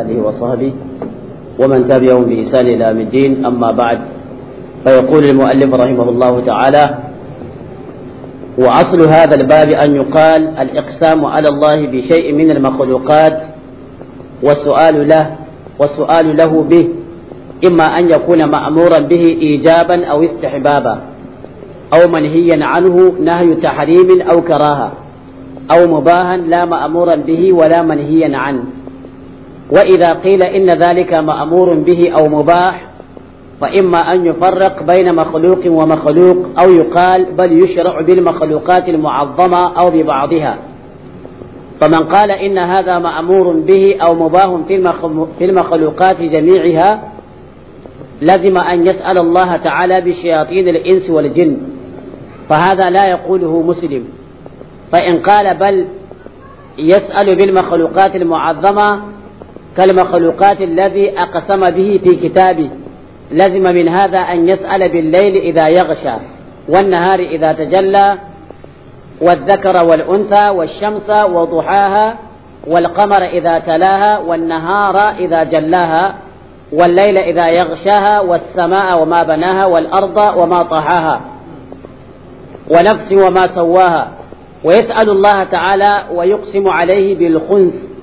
آله وصحبه ومن تبعهم بإحسان إلى يوم الدين أما بعد فيقول المؤلف رحمه الله تعالى وأصل هذا الباب أن يقال الإقسام على الله بشيء من المخلوقات والسؤال له والسؤال له به إما أن يكون مأمورا به إيجابا أو استحبابا أو منهيا عنه نهي تحريم أو كراهة أو مباها لا مأمورا به ولا منهيا عنه وإذا قيل إن ذلك مأمور به أو مباح فإما أن يفرق بين مخلوق ومخلوق أو يقال بل يشرع بالمخلوقات المعظمة أو ببعضها فمن قال إن هذا مأمور به أو مباه في المخلوقات جميعها لزم أن يسأل الله تعالى بشياطين الإنس والجن فهذا لا يقوله مسلم فإن قال بل يسأل بالمخلوقات المعظمة كالمخلوقات الذي أقسم به في كتابه لزم من هذا أن يسأل بالليل إذا يغشى والنهار إذا تجلى والذكر والأنثى والشمس وضحاها والقمر إذا تلاها والنهار إذا جلاها والليل إذا يغشاها والسماء وما بناها والأرض وما طحاها ونفس وما سواها ويسأل الله تعالى ويقسم عليه بالخنس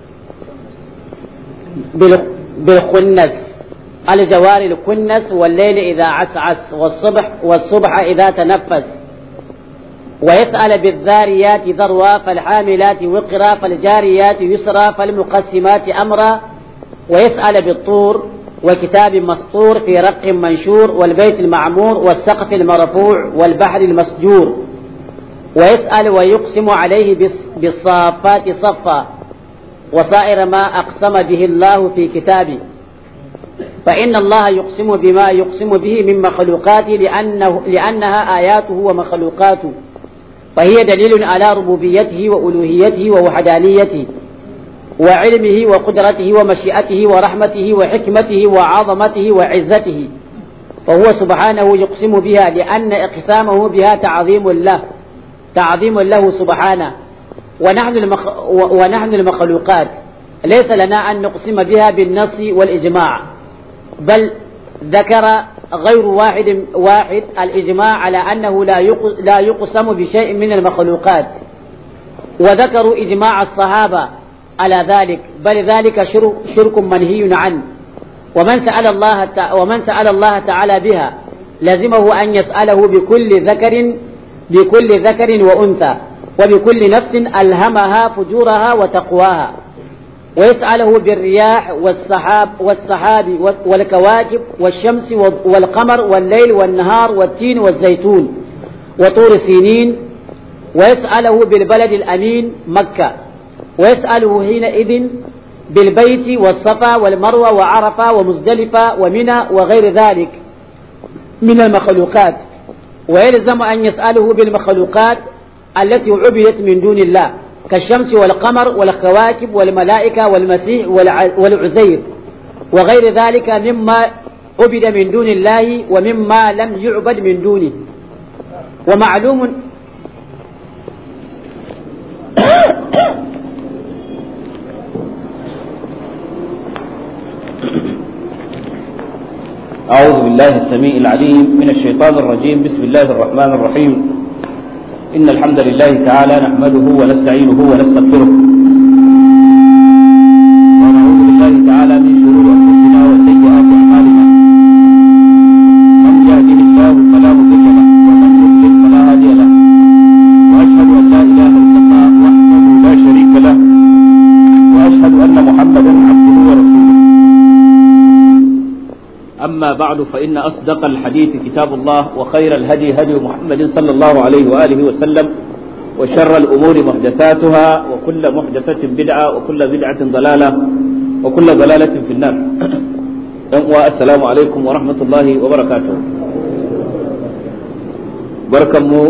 بالخنس الجوار الكنس والليل إذا عسعس والصبح والصبح إذا تنفس ويسأل بالذاريات ذروا فالحاملات وقرا فالجاريات يسرا فالمقسمات أمرا ويسأل بالطور وكتاب مسطور في رق منشور والبيت المعمور والسقف المرفوع والبحر المسجور ويسأل ويقسم عليه بالصافات صفا وسائر ما أقسم به الله في كتابه فإن الله يقسم بما يقسم به من مخلوقاته لأنه لأنها آياته ومخلوقاته فهي دليل على ربوبيته وألوهيته ووحدانيته وعلمه وقدرته ومشيئته ورحمته وحكمته وعظمته وعزته فهو سبحانه يقسم بها لأن اقسامه بها تعظيم له تعظيم له سبحانه ونحن, المخ... ونحن المخلوقات ليس لنا أن نقسم بها بالنص والإجماع بل ذكر غير واحد واحد الإجماع على أنه لا يقسم بشيء من المخلوقات وذكروا إجماع الصحابة على ذلك بل ذلك شرك منهي عنه ومن سأل الله ومن سأل الله تعالى بها لزمه أن يسأله بكل ذكر بكل ذكر وأنثى وبكل نفس ألهمها فجورها وتقواها ويسأله بالرياح والسحاب والسحاب والكواكب والشمس والقمر والليل والنهار والتين والزيتون وطور سينين ويسأله بالبلد الأمين مكة ويسأله حينئذ بالبيت والصفا والمروة وعرفة ومزدلفة ومنى وغير ذلك من المخلوقات ويلزم أن يسأله بالمخلوقات التي عبدت من دون الله كالشمس والقمر والكواكب والملائكة والمسيح والعزير وغير ذلك مما عبد من دون الله ومما لم يعبد من دونه ومعلوم أعوذ بالله السميع العليم من الشيطان الرجيم بسم الله الرحمن الرحيم إن الحمد لله تعالى نحمده ونستعينه ونستغفره أما بعد فإن أصدق الحديث كتاب الله وخير الهدي هدي محمد صلى الله عليه وآله وسلم وشر الأمور محدثاتها وكل محدثة بدعة وكل بدعة ضلالة وكل ضلالة في النار السلام عليكم ورحمة الله وبركاته barkanmu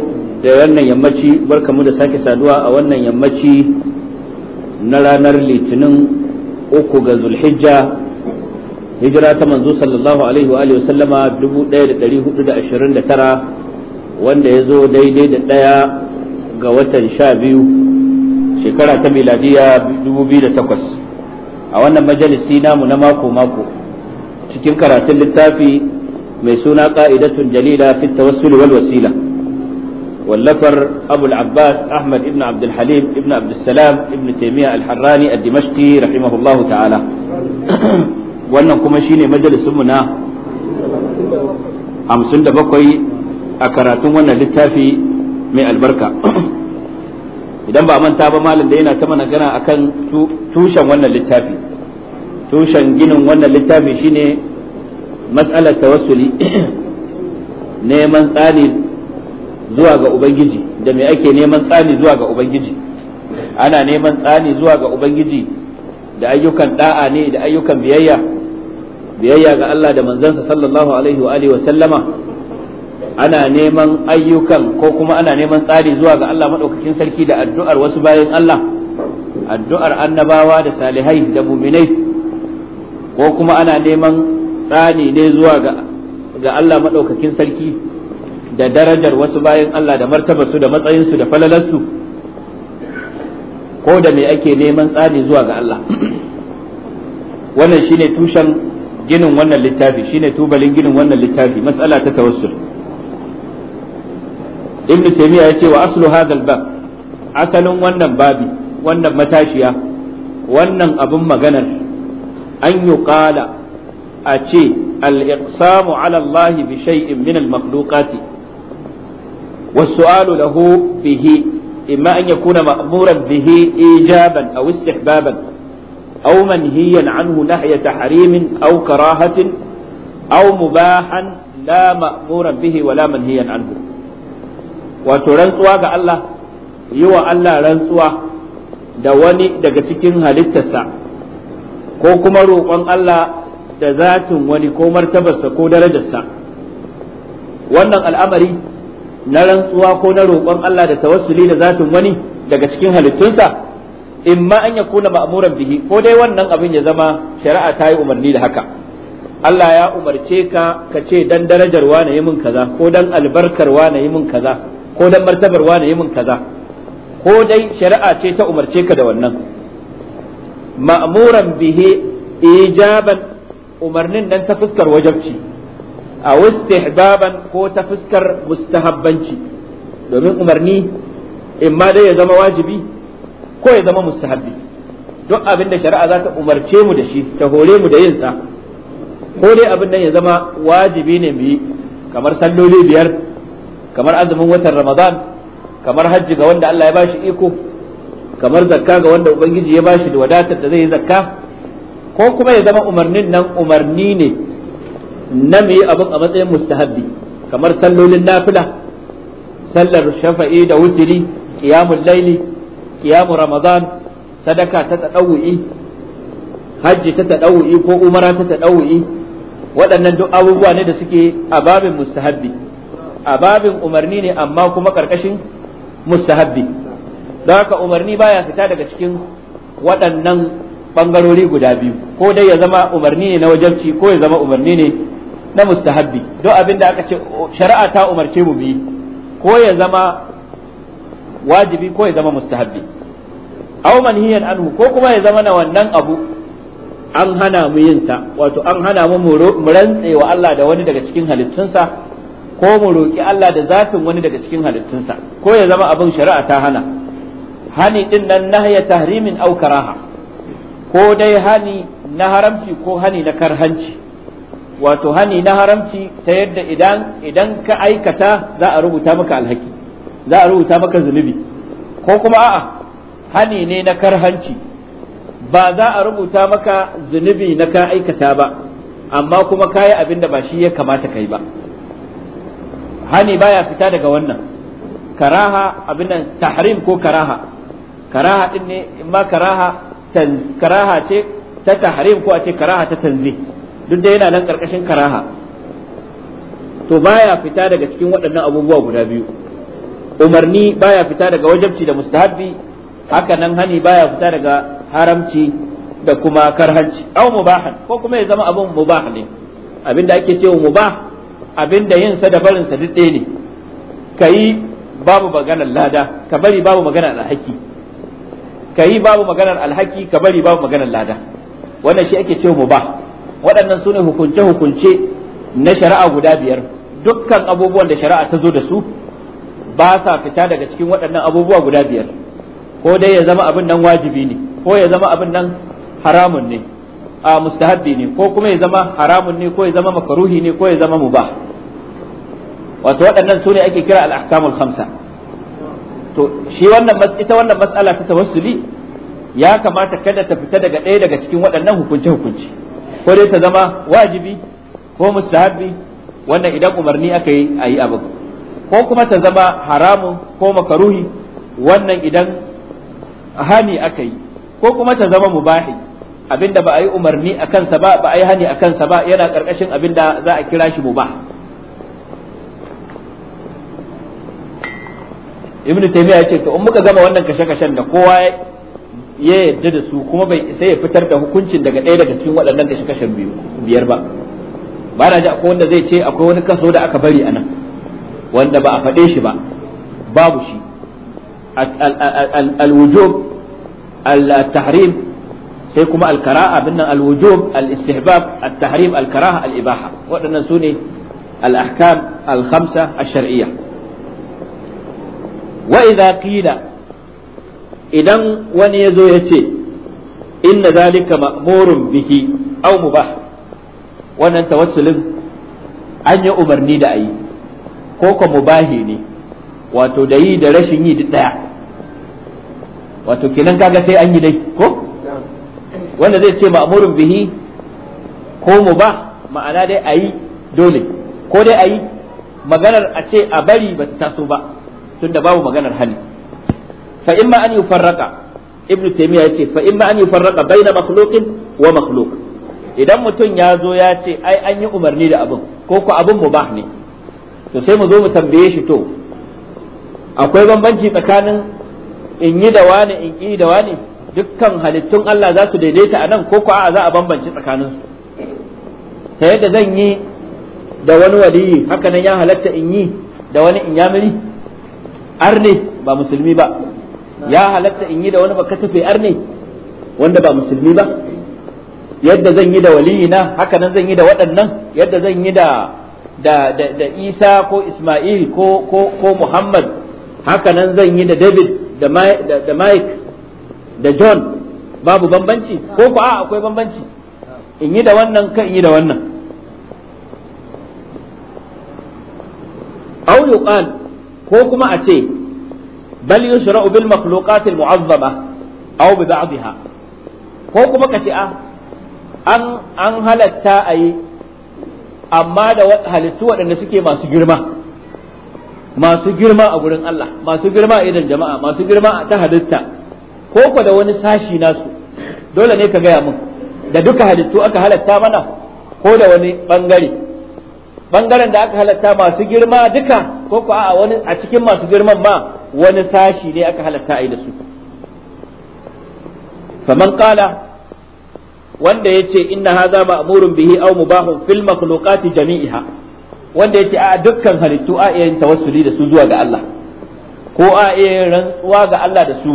da wannan yammaci barkanmu da sake saduwa a wannan yammaci na ranar litinin uku ga zulhijja hijira ta manzo sallallahu alaihi wa alihi wasallama 1429 wanda ya zo daidai da ɗaya ga watan sha biyu shekara ta miladiya 2008 a wannan majalisi namu na mako-mako cikin karatun littafi mai suna ƙa'idatun jalila fi tawassul wal wasila wallafar abul abbas ahmad ibn abdulhalim ibn abdulsalam ibn taimiyya al-harrani al ta'ala wannan kuma shine majalisunmu na hamsin da bakwai a karatun wannan littafi mai albarka idan ba manta ba malam da yana ta magana akan tushen wannan littafi tushen ginin wannan littafi shine ta tawassuli neman tsani zuwa ga ubangiji da me ake neman tsani zuwa ga ubangiji ana neman tsani zuwa ga ubangiji da ayyukan da'a ne da ayyukan biyayya biyayya ga Allah da manzansa sallallahu alaihi wa alihi wa sallama ana neman ayyukan ko kuma ana neman tsari zuwa ga Allah madaukakin sarki da addu'ar wasu bayan Allah addu'ar annabawa da salihai da muminai ko kuma ana neman tsani ne zuwa ga ga Allah madaukakin sarki da darajar wasu bayan Allah da martabarsu da matsayinsu da falalarsu ko da me ake neman tsani zuwa ga Allah wannan shine tushen ginin wannan littafi shine tubalin ginin wannan littafi mas'ala ta tawassul ibn taymiya yace wa aslu hadha bab asalin wannan babi wannan matashiya wannan abun maganar an yuqala a ce al-iqsamu ala Allah bi shay'in min al-makhluqati والسؤال له به إما أن يكون مأمورا به إيجابا أو استحبابا أو منهيا عنه نهي تحريم أو كراهة أو مباحا لا مأمورا به ولا منهيا عنه وترنسوا الله يوى الله رنسوا da wani daga cikin halittarsa ko kuma roƙon Allah da zatin wani ko martabarsa ko darajarsa wannan al'amari na rantsuwa ko na roƙon Allah da tawassuli da zatin wani daga cikin halittunsa imma an ya kuna ma'amuran bihi ko dai wannan abin ya zama shari'a ta yi umarni da haka Allah ya umarce ka ka ce dan darajar wane yi min kaza ko dan albarkar wane yi min kaza ko dan martabar wane yi min kaza ko dai shari'a ce ta umarce ka da wannan ma'amuran bihi ijaban umarnin nan ta fuskar wajabci a wastihbaban ko ta fuskar mustahabbanci domin umarni in ma dai ya zama wajibi ko ya zama mustahabbi duk abin da shari'a za ta umarce mu da shi ta hore mu da yin sa ko dai abin nan ya zama wajibi ne mu yi kamar salloli biyar kamar azumin watan ramadan kamar hajji ga wanda Allah ya bashi iko kamar zakka ga wanda ubangiji ya bashi da wadatar da zai yi zakka ko kuma ya zama umarnin nan umarni ne na mu yi abin a matsayin mustahabbi kamar sallolin nafila sallar shafa'i da wutiri qiyamul laili kiyamu ramadan sadaka ta tadawu'i hajji ta tadawu'i ko umara ta tadawu'i waɗannan duk abubuwa ne da suke a babin mustahabbi a babin umarni ne amma kuma karkashin mustahabbi don haka umarni baya fita daga cikin waɗannan bangarori guda biyu ko dai ya zama umarni ne na wajabci ko ya zama umarni ne na mustahabbi don abin da aka ce shari'a ta umarce mu bi ko ya zama wajibi ko ya zama mustahabbi aw manhiyan anhu ko kuma ya zama na wannan abu an hana mu yin sa wato an hana mu mu rantse wa Allah da wani daga cikin halittunsa ko mu roki Allah da zatin wani daga cikin halittunsa ko ya zama abin shari'a ta hana hani din nan nahya tahrimin aw karaha ko dai hani na haramci ko hani na karhanci wato hani na haramci ta yadda idan idan ka aikata za a rubuta maka alhaki za a rubuta maka zunubi ko kuma a'a hani ne na karhanci ba za a rubuta maka zunubi na ka aikata ba amma kuma kayi abin da ba shi ya kamata kai ba hani baya fita daga wannan karaha abin nan tahrim ko karaha karaha din ne ma karaha tan karaha ce ta tahrim ko a ce karaha ta tanzih duk da yana nan karkashin karaha to baya fita daga cikin waɗannan abubuwa guda biyu umarni baya fita daga wajabci da mustahabbi haka nan hani baya fita daga haramci da kuma karhanci aw mubahan ko kuma ya zama abun mubah ne abinda ake cewa mubah abinda yin sa da barin sa dide ne kai babu maganar lada ka bari babu maganar alhaki kai babu maganar alhaki ka bari babu maganar lada wannan shi ake cewa mubah waɗannan sune hukunce hukunce na shari'a guda biyar dukkan abubuwan da shari'a ta zo da su ba sa fita daga cikin waɗannan abubuwa guda biyar ko dai ya zama abin nan wajibi ne ko ya zama abin nan haramun ne a mustahabbi ne ko kuma ya zama haramun ne ko ya zama makaruhi ne ko ya zama mubah wato waɗannan su ne ake kira al-ahkamul khamsa to shi wannan ita wannan mas'ala ta tawassuli ya kamata kada ta fita daga ɗaya daga cikin waɗannan hukunce hukunci ko dai ta zama wajibi ko mustahabbi wannan idan umarni aka yi a yi abin ko kuma ta zama haramun ko makaruhi wannan idan hani aka yi ko kuma ta zama mubahi abinda ba a yi umarni a kansa ba ba a yi hani a kansa ba yana karkashin abinda za a kira shi mubah ibnu taymiya ya ce to in muka gama wannan kashe-kashen da kowa ya yadda da su kuma bai sai ya fitar da hukuncin daga ɗaya daga cikin waɗannan kashe-kashen biyu biyar ba ba na ji akwai wanda zai ce akwai wani kaso da aka bari a nan wanda ba a faɗe shi ba babu shi al al-tahrim sai kuma al-kara'a binnan al al-istihbab al-tahrim al-karaha al-ibaha waɗannan su al-ahkam al-khamsa al-shar'iyya wa qila idan wani yazo ya ce inna zalika ma'murun bihi aw mubah wannan tawassulin an yi umarni da ayi ko ka mubahi ne wato da yi da rashin yi duk wato kenan kaga sai an yi dai ko wanda zai ce mamurin bihi ko mu ba ma'ana dai a yi dole ko dai a yi maganar a ce a bari ba ta taso ba tunda babu maganar hali fa imma an farraka Ibn taymiya yace fa imma an yi na baina makhluqin wa makhluq idan mutum ya zo ya ce ai an yi umarni da abin ko ko abin mubah ne to sai mu zo mu tambaye shi to akwai bambanci tsakanin in yi da wani in yi da wani dukkan halittun Allah za su daidaita a nan ko ko a za a bambanci tsakanin su. ta yadda zan yi da wani waliyi haka nan ya halatta in yi da wani in yamiri arne ba musulmi ba ya halatta in yi da wani baka tafe arne wanda ba musulmi ba yadda zan yi da na haka nan zan yi da waɗannan yadda zan yi da da, da, da isa ko isma'il ko, ko, ko muhammad hakanan zan yi da david da, da, da mike da john babu bambanci ko ku a akwai bambanci in yi da wannan kan in yi da wannan aw yuqal ko kuma a ce bal yushra'u bil makhluqat al mu'azzama aw bi ba'dha ko kuma ka ce a an an halatta ayi amma da halittu waɗanda suke masu girma masu girma a gurin Allah masu girma a idan jama'a masu girma a ta halitta ko ko da wani sashi nasu dole ne ka gaya mun da duka halittu aka halatta mana ko da wani bangare bangaren da aka halatta masu girma duka ko ko a wani a cikin masu girman ma wani sashi ne aka halatta a yi da su faman qala wanda ya ce inna hadha ma'murun bihi aw mubahun fil makhluqati jami'iha wanda ya ce a dukkan halittu a iya tawassuli da su zuwa ga Allah ko a iya rantsuwa ga Allah da su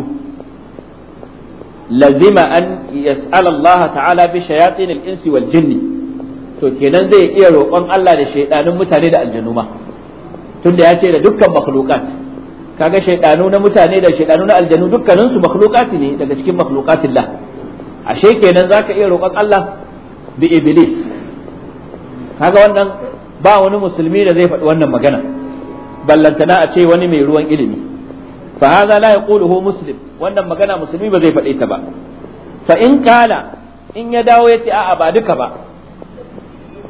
lazima an yas'ala Allah ta'ala bi shayatin al-insi wal jinni to kenan zai iya roƙon Allah da shaidanun mutane da aljanu ma tunda ya ce da dukkan makhluqat kaga shaidanu na mutane da shaidanu na aljanu dukkanin su makhluqati ne daga cikin makhluqatillah ashe kenan zaka iya roƙon Allah bi iblis kaga wannan ba wani musulmi da zai faɗi wannan magana ballantana a ce wani mai ruwan ilimi fa hadha la yaquluhu muslim wannan magana musulmi ba zai faɗe ta ba fa in kala in ya dawo ya ce a'a ba duka ba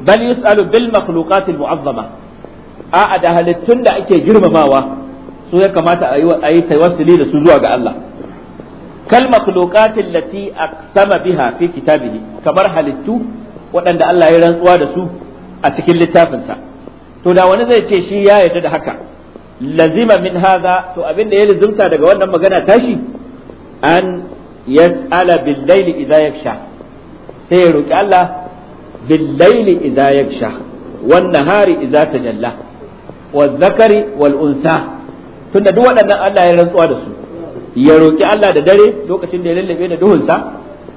bal yus'alu bil makhluqat al mu'azzama a'a da halittun da ake girmamawa su ya kamata a yi tawassuli da su zuwa ga Allah kal makhluqatin lati aqsama biha fi kitabihi kamar halittu waɗanda Allah ya rantsuwa da su a cikin littafinsa to da wani zai ce shi ya yarda da haka lazima min haza to abin da ya lazimta daga wannan magana tashi an yas'ala bil layli idza yaksha sai ya roki Allah bil layli idza yaksha wan nahari idza tajalla wal zakari wal unsa tunda duk waɗannan Allah ya rantsuwa da su ya roƙi Allah da dare lokacin da ya lallabe da duhunsa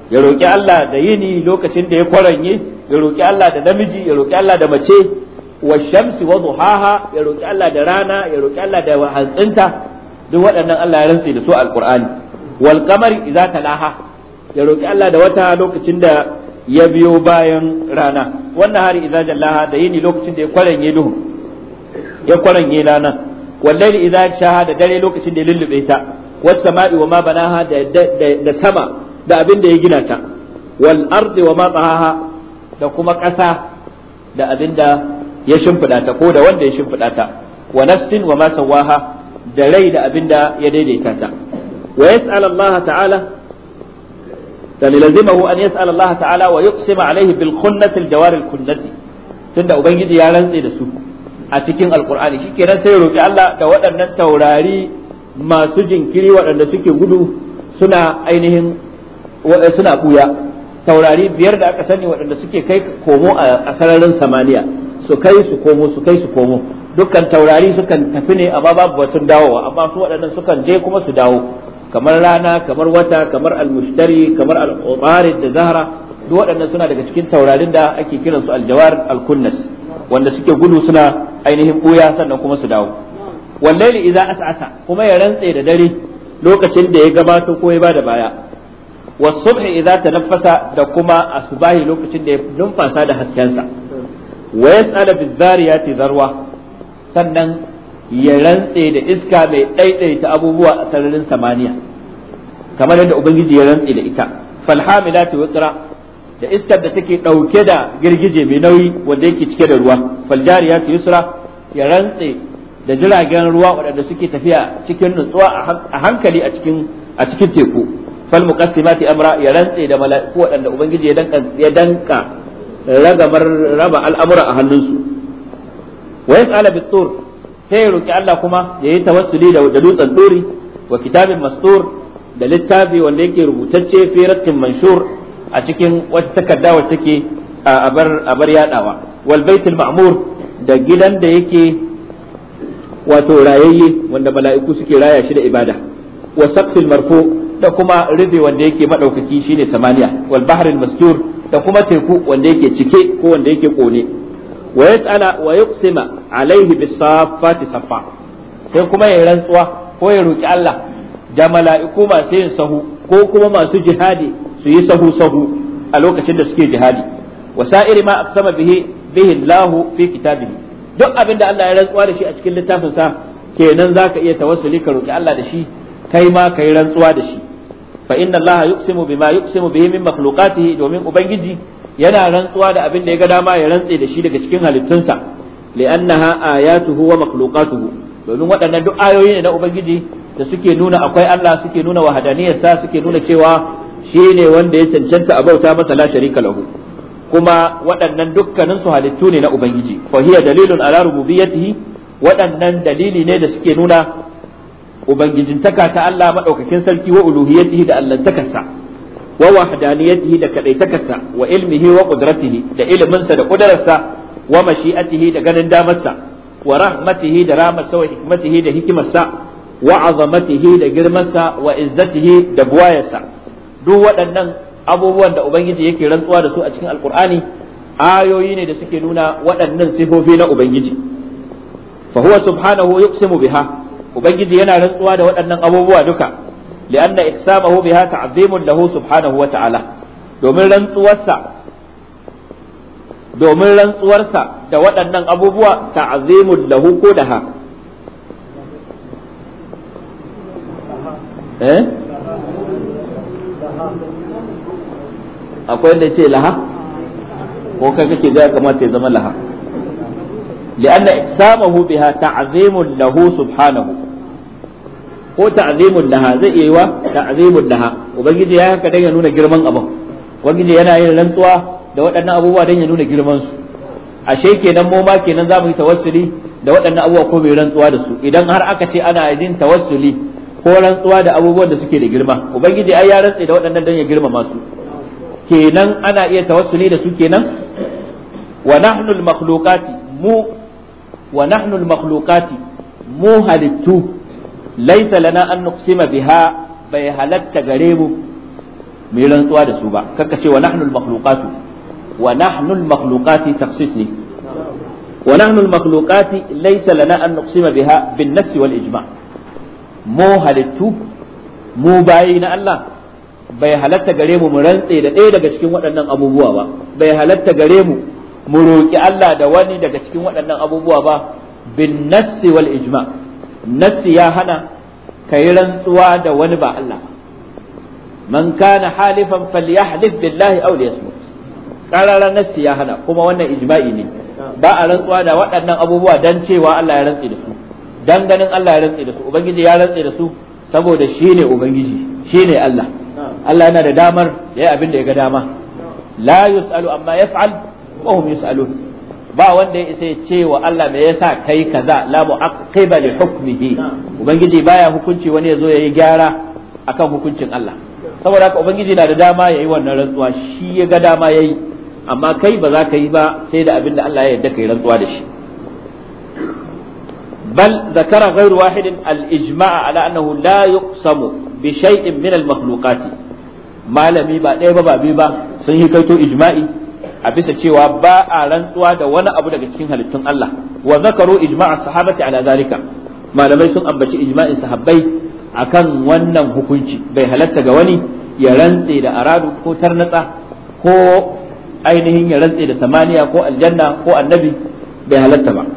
ya roƙi Allah da yini lokacin da ya kwaranye ya roƙi Allah da namiji ya roƙi Allah da mace wa shamsi wa duhaha ya roƙi Allah da rana ya roƙi Allah da hantsinta duk waɗannan Allah ya rantsi da su alqur'ani wal qamari idza talaha ya roƙi Allah da wata lokacin da ya biyo bayan rana wannan hari idza jallaha da yini lokacin da ya kwaranye duhu ya kwaranye rana wallahi idza shaha dare lokacin da ya lullube ta was sama'i wa ma da sama da abin da ya gina ta wal ardi wa ma da kuma ƙasa da abin da ya shimfiɗa ta ko da wanda ya shimfiɗa ta wa nafsin wa ma da rai da abin da ya daidaita ta wa yas'al Allah ta'ala فللزمه أن يسأل الله تعالى ويقسم عليه بالخنة الجوار الكنة tunda ubangiji ya rantse da su a cikin alkur'ani shikenan sai roki Allah da waɗannan taurari masu jinkiri waɗanda suke gudu suna ainihin eh, suna ɓuya taurari biyar da aka sani waɗanda suke kai komo a sararin samaniya su kai su komo su kai su komo dukkan taurari sukan tafi ne amma babu batun dawowa amma su waɗannan sukan je kuma su dawo kamar rana kamar wata kamar almushtari kamar al'umarid da zahra duk waɗannan suna daga cikin taurarin da ake kiransu aljawar alkunnas wanda suke gudu suna ainihin ɓuya sannan kuma su dawo wallaili idza as'asa kuma ya rantse da dare lokacin da ya gabato ko ya bada baya wasubhi idza tanaffasa da kuma asbahi lokacin da ya numfasa da haskensa wa yas'ala bizariyati zarwa sannan ya rantse da iska mai ɗaiɗaita abubuwa a sararin samaniya kamar yadda ubangiji ya rantse da ita falhamilati wutra da iskar da take ɗauke da girgije mai nauyi wanda yake cike da ruwa faljariyati yusra ya rantse da jiragen ruwa waɗanda suke tafiya cikin nutsuwa a hankali a cikin a cikin teku fal muqassimati amra ya rantse da mala'iku waɗanda ubangiji ya danka ya danka ragamar raba al'amura a hannunsu wa yas'ala bitur sai roki Allah kuma ya yi tawassuli da dutsen duri wa kitabin mastur da littafi wanda yake rubutacce fi ratin manshur a cikin wata takarda wacce take a bar yadawa wal baitul ma'mur da gidan da yake wato rayayye wanda mala'iku suke raya shi da ibada wa saqfil marfu da kuma rufe wanda yake madaukaki shine samaniya wal bahril mastur da kuma teku wanda yake cike ko wanda yake kone wa yas'ala wa yuqsima alaihi bis safati saffa sai kuma ya rantsuwa ko ya roki Allah da mala'iku masu yin sahu ko kuma masu jihadi su yi sahu sahu a lokacin da suke jihadi wa sa'iri ma aqsama bihi bihi Allahu fi kitabihi duk abin da Allah ya rantsuwa da shi a cikin littafin sa kenan zaka iya tawassuli ka roki Allah da shi kai ma kai rantsuwa da shi fa inna Allah yuqsimu bima yuqsimu bihi min makhluqatihi domin ubangiji yana rantsuwa da abin da ya ga dama ya rantse da shi daga cikin halittunsa li'annaha ayatuhu wa makhluqatuhu domin waɗannan duk ayoyi ne na ubangiji da suke nuna akwai Allah suke nuna sa suke nuna cewa shine wanda ya cancanta a bauta masa la sharika lahu kuma waɗannan dukkanin su halittu ne na ubangiji fa hiya dalilun ala rububiyyatihi waɗannan dalili ne da suke nuna ubangijintaka ta Allah madaukakin sarki wa uluhiyyatihi da allantakarsa wa wahdaniyatihi da kadaitakarsa wa ilmihi wa qudratihi da iliminsa da kudararsa wa mashi'atihi da ganin damarsa wa rahmatihi da ramarsa wa hikmatihi da hikimarsa wa azamatihi da girmarsa wa izzatihi da buwayarsa duk waɗannan abubuwan da ubangiji yake rantsuwa da su a cikin alkur'ani ayoyi ne da suke nuna waɗannan sifofi na ubangiji fa huwa subhanahu yuqsimu biha ubangiji yana rantsuwa da waɗannan abubuwa duka li'anna iqsamahu biha ta'zimun lahu subhanahu wa ta'ala domin rantsuwarsa domin rantsuwarsa da waɗannan abubuwa ta'zimun lahu ko da ha eh akwai wanda ce laha ko kai kake ga kamata ya zama laha لأن إقسامه بها تعظيم له سبحانه ko ta'zimun laha zai iya yiwa ta'zimun laha ubangiji ya haka dan ya nuna girman abin ubangiji yana yin rantsuwa da waɗannan abubuwa dan ya nuna girman su ashe kenan mu ma kenan zamu yi tawassuli da waɗannan abubuwa ko bai rantsuwa da su idan har aka ce ana yin tawassuli ko rantsuwa da abubuwan da suke da girma ubangiji ai ya rantsa da waɗannan dan ya girmama su kenan ana iya tawassuli da su kenan wa nahnu al-makhluqati mu wa nahnu al-makhluqati mu halittu laysa lana an nuqsima biha bai halatta gare mu mai rantsuwa da su ba kaka ce wa nahnu al-makhluqatu wa nahnu al-makhluqati takhsis ne wa nahnu al-makhluqati laysa lana an nuqsima biha bin nass wal ijma' mu halittu mu bayi na Allah bai halatta gare mu mu rantse da ɗaya daga cikin waɗannan abubuwa ba bai halatta gare mu mu roƙi Allah da wani daga cikin waɗannan abubuwa ba bin nassi wal ijma nassi ya hana kai rantsuwa da wani ba Allah man kana halifan falyahlif billahi aw liyasmut qarara nassi ya hana kuma wannan ijma'i ne ba a rantsuwa da waɗannan abubuwa dan cewa Allah ya rantse da su dan ganin Allah ya rantse da su ubangiji ya rantse da su saboda shine ubangiji shine Allah Allah yana da damar yayi abin da ya ga dama la yusalu amma yaf'al wa hum yusalun ba wanda ya isa ya ce wa Allah me yasa kai kaza la mu'aqqiba li hukmihi ubangiji baya hukunci wani ya zo yayi gyara akan hukuncin Allah saboda haka ubangiji na da dama ya yi wannan rantsuwa shi ya ga dama yayi amma kai ba za ka yi ba sai da abin da Allah ya yarda kai rantsuwa da shi بل ذكر غير واحد الإجماع على أنه لا يقسم بشيء من المخلوقات malami ba ɗaya ba ba biyu ba sun yi kaito ijma'i a bisa cewa ba a rantsuwa da wani abu daga cikin halittun Allah wa zakaru ijma'a sahabati ala zalika malamai sun ambaci ijma'in sahabbai akan wannan hukunci bai halatta ga wani ya rantse da aradu ko tarnatsa ko ainihin ya rantse da samaniya ko aljanna ko annabi bai halatta ba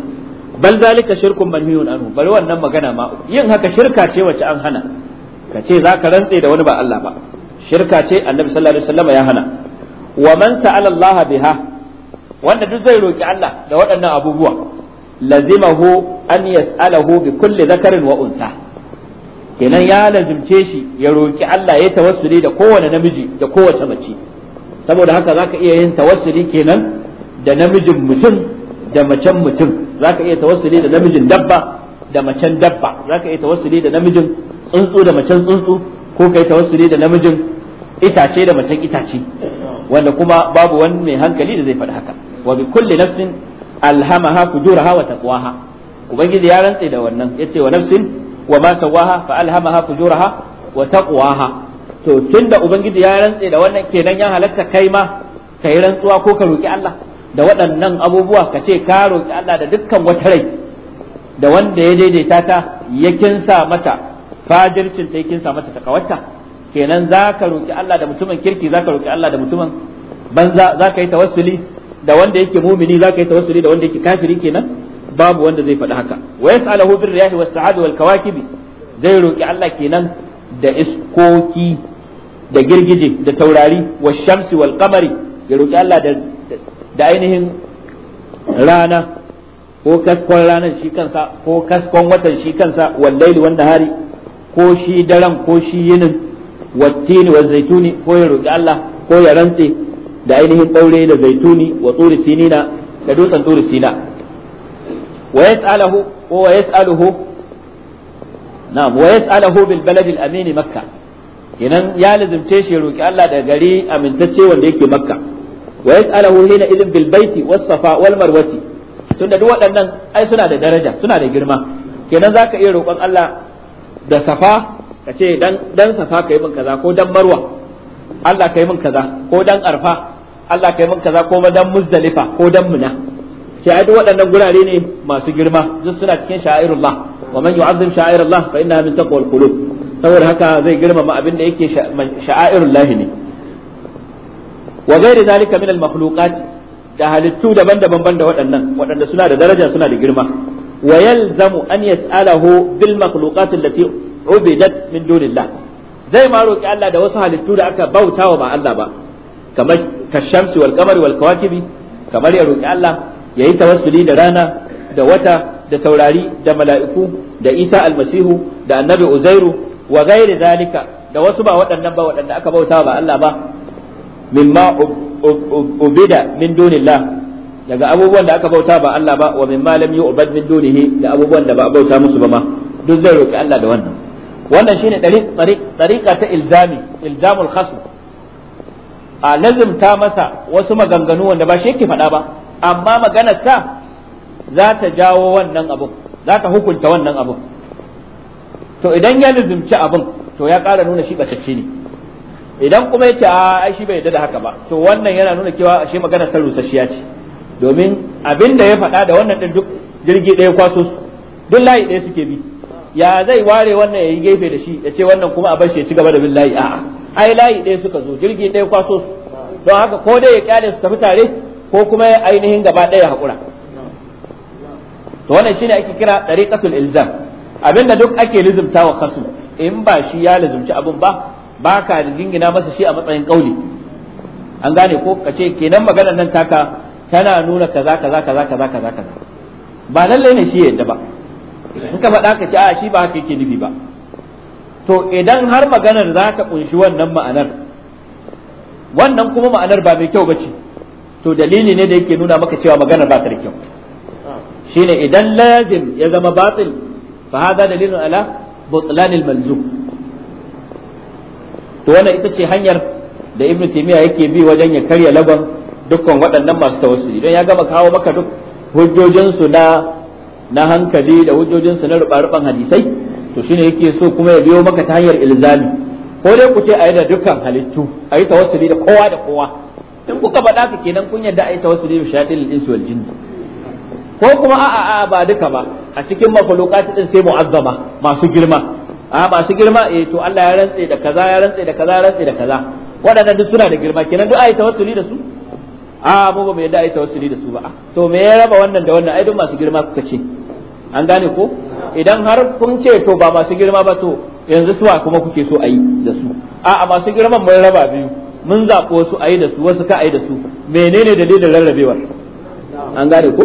bal zalika shirkun manhiyun anhu bari wannan magana ma yin haka shirka ce wacce an hana ka ce za ka rantse da wani ba Allah ba shirka ce annabi sallallahu alaihi wasallam ya hana wa man sa'ala Allah biha wanda duk zai roki Allah da waɗannan abubuwa lazimahu an yas'alahu bi kulli dhakarin wa unsa kenan ya lazimce shi ya roki Allah ya tawassuli da kowane namiji da kowace mace saboda haka zaka iya yin tawassuli kenan da namijin mutum da macen mutum zaka iya tawassuli da namijin dabba da macen dabba zaka iya tawassuli da namijin tsuntsu da macen tsuntsu ko kai tawassuli da namijin itace da macen itace wanda kuma babu wani mai hankali da zai faɗi haka wa bi kulli nafsin alhamaha fujuraha wa taqwaha ubangiji ya rantse da wannan yace wa nafsin wa ma sawaha fa alhamaha fujuraha wa taqwaha to tunda ubangiji ya rantse da wannan kenan ya halatta kai ma kai rantsuwa ko ka roki Allah da waɗannan abubuwa ka ce ka roki Allah da dukkan wata rai da wanda ya daidaita ta ya kinsa mata fajircin ta ya kinsa mata takawarta kenan za ka roƙi Allah da mutumin kirki za ka roƙi Allah da mutumin banza za ka yi tawassuli da wanda yake mumini za ka yi tawassuli da wanda yake kafiri kenan babu wanda zai faɗi haka wa yas'aluhu bir riyahi was sa'ad wal kawakibi zai roƙi Allah kenan da iskoki da girgije da taurari wa shamsi wal qamari ya roƙi Allah da da ainihin rana ko kaskon ranar shi kansa ko kaskon watan shi kansa wal laili wan nahari ko shi daren ko shi yinin wattini wa zaituni ko ya Allah ko ya rantse da ainihin daure da zaituni wa turi sinina da dutsen turi sina wa yas'aluhu ko wa yas'aluhu na'am bil amin makka kenan ya lazimce shi Allah da gari amintacce wanda yake makka wa yas'aluhu hina idin bil tunda duk waɗannan ai suna da daraja suna da girma kenan zaka iya roƙon Allah da safa ka ce dan safa ka yi min kaza ko dan marwa Allah ka yi min kaza ko dan arfa Allah ka yi min kaza ko dan muzdalifa ko dan mina ce ai duk waɗannan gurare ne masu girma duk suna cikin sha'irullah wa man yu'azzim sha'irullah fa innaha min taqwal qulub saboda haka zai girmama abin da yake sha'irullah ne wa ghairi zalika min al-makhluqat da halittu daban-daban banda waɗannan waɗanda suna da daraja suna da girma wa yalzamu an yas'alahu bil makhluqat allati ubidat min dunillah zai ma roki Allah da wasu halittu da aka bautawa ba Allah ba kamar kashamsi wal qamari wal kawakibi kamar ya roki Allah yayi tawassuli da rana da wata da taurari da mala'iku da Isa almasihu da annabi Uzairu wa ghairi zalika da wasu ba waɗannan ba waɗanda aka bautawa ba Allah ba mimma ubida min dunillah daga abubuwan da aka bauta ba Allah ba wa min ma lam yu'bad min dunihi da abubuwan da ba a bauta musu ba ma duk zai roki Allah da wannan wannan shine ɗariƙa ta ilzami ilzamul khasm a lazimta masa wasu maganganu wanda ba shi yake faɗa ba amma maganar sa za ta jawo wannan abun za ta hukunta wannan abun to idan ya lazimci abun to ya ƙara nuna shi ɓatacce ne idan kuma yake a ai shi bai yarda da haka ba to wannan yana nuna cewa shi maganar sa rusasshiya ce domin abin da ya faɗa da wannan din duk jirgi ɗaya kwaso duk layi ɗaya suke bi ya zai ware wannan ya yi gefe da shi ya ce wannan kuma a bashi ya ci gaba da bin layi a ai layi ɗaya suka zo jirgi ɗaya kwaso su don haka ko dai ya kyale su tafi tare ko kuma ya ainihin gaba ɗaya haƙura to wannan shine ake kira tariqatul ilzam abinda duk ake lizumta wa kasu in ba shi ya lizumci abun ba ba ka jingina masa shi a matsayin kauli an gane ko ka ce kenan maganar nan taka tana nuna kaza kaza kaza kaza kaza ba lallai ne shi ya yadda ba in ka faɗa ka ce a shi ba haka yake nufi ba to idan har maganar za ta kunshi wannan ma'anar wannan kuma ma'anar ba mai kyau ba ce to dalili ne da yake nuna maka cewa maganar ba ta da kyau shine idan lazim ya zama batil fa hada dalilun ala butlanil malzum to wannan ita ce hanyar da ibnu taymiya yake bi wajen ya karya lagon dukkan waɗannan masu tawassuli don ya gama kawo maka duk hujjojinsu na na hankali da hujjojinsa na rubarufan hadisai to shine yake so kuma ya biyo maka ta hanyar ilzami ko dai ku ce a yi da dukkan halittu a yi tawassuli da kowa da kowa in kuka faɗa ka kenan kun yadda a yi tawassuli da shayatin al wal ko kuma a'a a ba duka ba a cikin makhluqat din sai mu'azzama masu girma a masu girma eh to Allah ya rantse da kaza ya rantse da kaza ya rantse da kaza waɗannan duk suna da girma kenan duk a yi tawassuli da su a mu ba mu yadda wasu tawassuli da su ba to me ya raba wannan da wannan ai duk masu girma kuka ce an gane ko idan har kun ce to ba masu girma ba to yanzu suwa kuma kuke so a yi da su a a masu girman mun raba biyu mun zaɓo su yi da su wasu ka yi da su menene dalilin rarrabewar an gane ko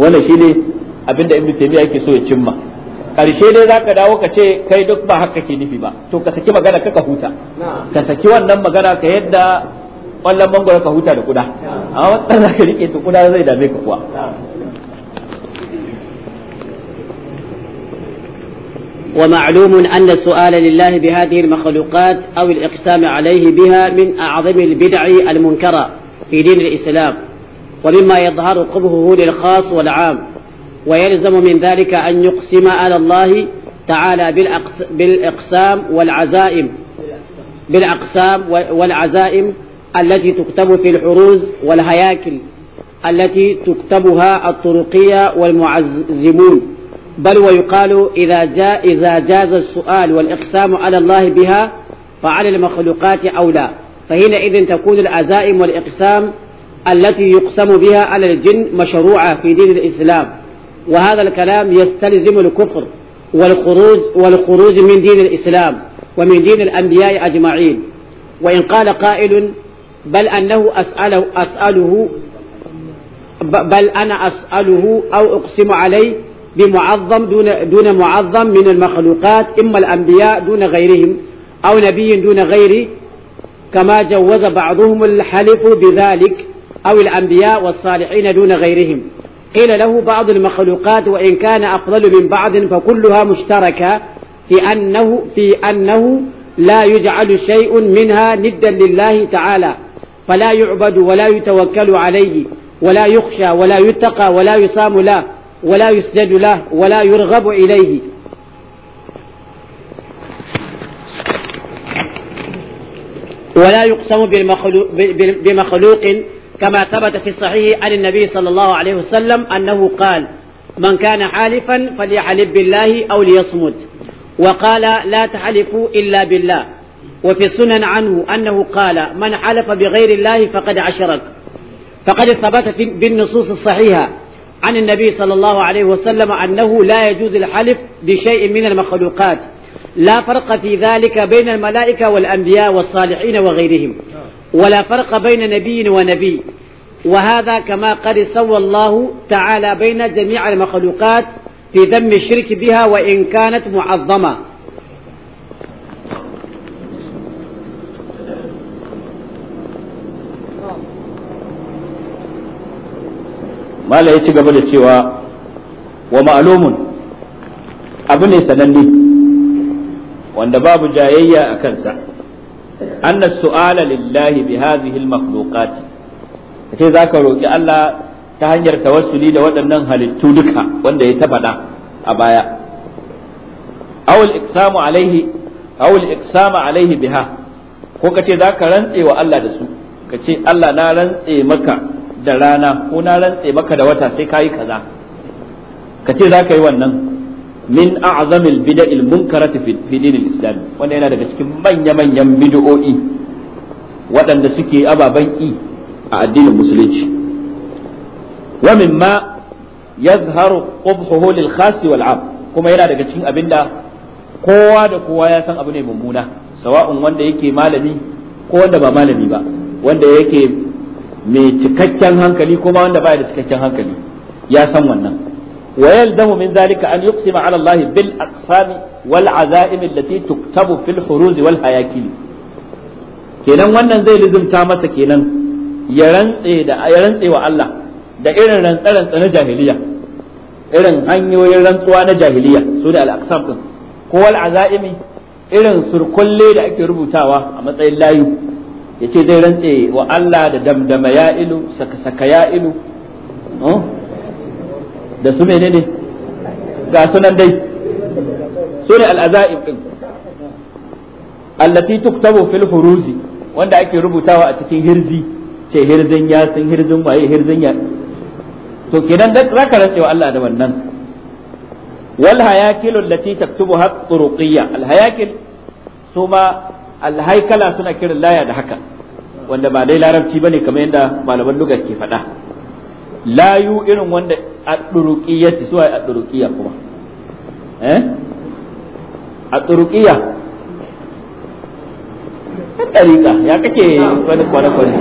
wannan shi abin abinda ibnu taymiya yake so ya cimma karshe dai zaka dawo ka ce kai duk ba haka ke nufi ba to ka saki magana ka huta ka saki wannan magana ka yadda kwallon mangoro ka huta da kuda amma wannan za ka rike kuda zai dame ka kuwa ومعلوم أن السؤال لله بهذه المخلوقات أو الإقسام عليه بها من أعظم البدع المنكرة في دين الإسلام ومما يظهر قبهه للخاص والعام ويلزم من ذلك أن يقسم على الله تعالى بالأقسام والعزائم بالأقسام والعزائم التي تكتب في الحروز والهياكل التي تكتبها الطرقية والمعذبون بل ويقال إذا, جاء إذا جاز السؤال والإقسام على الله بها فعلى المخلوقات أولى فحينئذ تكون العزائم والإقسام التي يقسم بها على الجن مشروعة في دين الإسلام وهذا الكلام يستلزم الكفر والخروج والخروج من دين الإسلام ومن دين الأنبياء أجمعين وإن قال قائل بل أنه أسأله, أسأله بل أنا أسأله أو أقسم عليه بمعظم دون, دون معظم من المخلوقات إما الأنبياء دون غيرهم أو نبي دون غيره كما جوز بعضهم الحلف بذلك أو الأنبياء والصالحين دون غيرهم قيل له بعض المخلوقات وإن كان أفضل من بعض فكلها مشتركة في أنه, في أنه لا يجعل شيء منها ندا لله تعالى فلا يعبد ولا يتوكل عليه ولا يخشى ولا يتقى ولا يصام له ولا يسجد له ولا يرغب إليه ولا يقسم بمخلوق كما ثبت في الصحيح عن النبي صلى الله عليه وسلم أنه قال من كان حالفا فليحلف بالله أو ليصمت وقال لا تحلفوا إلا بالله وفي السنن عنه أنه قال من حلف بغير الله فقد أشرك فقد ثبت بالنصوص الصحيحة عن النبي صلى الله عليه وسلم أنه لا يجوز الحلف بشيء من المخلوقات لا فرق في ذلك بين الملائكة والأنبياء والصالحين وغيرهم ولا فرق بين نبي ونبي وهذا كما قد سوى الله تعالى بين جميع المخلوقات في ذم الشرك بها وإن كانت معظمة mala ya ci gaba da cewa wa ma'alumun abu ne sananne wanda babu jayayya a kansa anna su'ala lillahi bi hadhihi al-makhluqat kace zaka roki Allah ta hanyar tawassuli da waɗannan halittu duka wanda ya tafaɗa a baya awul iksamu alaihi awul alaihi biha ko kace zaka rantse wa Allah da su kace Allah na rantse maka da rana ko na rantse maka da wata sai kayi kaza ka ce za ka yi wannan min a'zamil bid'il munkarati fi dinil islam wanda yana daga cikin manya manyan bid'o'i waɗanda suke ababan ki a addinin musulunci wa mimma yadhharu qubhuhu lil khas wal 'am kuma yana daga cikin abinda kowa da kowa ya san abu ne mummuna sawa'un wanda yake malami ko wanda ba malami ba wanda yake mai cikakken hankali kuma wanda baya da cikakken hankali ya san wannan wa yalzamu min zalika an yuqsima ala Allah bil aqsam wal azaim allati tuktabu fil huruz wal hayakil kenan wannan zai lizumta masa kenan ya rantse da ya rantse wa Allah da irin rantsarantsa na jahiliya irin hanyoyin rantsuwa na jahiliya su da al-aqsam ko wal azaimi irin surkulle da ake rubutawa a matsayin layu yace zai rantse wa Allah da damdama ya ilu saka saka ya ilu da su ne ne ga sunan dai su ne al'aza'im din allati tuktabu fil huruzi wanda ake rubutawa a cikin hirzi ce hirzin sun hirzin waye hirzin ya to kenan zaka rantse wa Allah da wannan wal hayakil allati taktubu haqq turuqiyya al hayakil suma alhaikala suna kiran laya da haka wanda ba dai larabci bane kamar yadda malaman lugar ke faɗa layu irin wanda ce suwa adduruqiya kuma eh adduruqiya ta dariƙa ya kake wani kwana kwana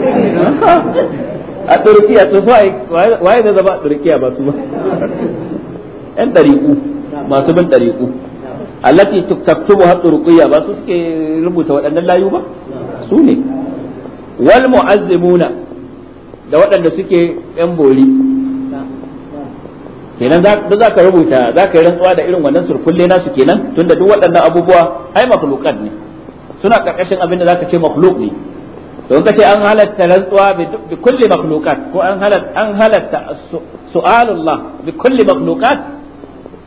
a to sai waye da zaba a ba su ba yan dariku masu bin dariku allati tuktubu hatu ruqiyya ba su suke rubuta waɗannan layu ba su ne wal mu'azzimuna da waɗanda suke yan boli kenan da za ka rubuta za ka yi rantsuwa da irin wannan surkulle nasu kenan tunda duk waɗannan abubuwa ai makhluqat ne suna ƙarƙashin abin da za ka ce makhluq ne don ka ce an halatta rantsuwa bi kulli makhluqat ko an halatta an halatta su'alullah bi kulli makhluqat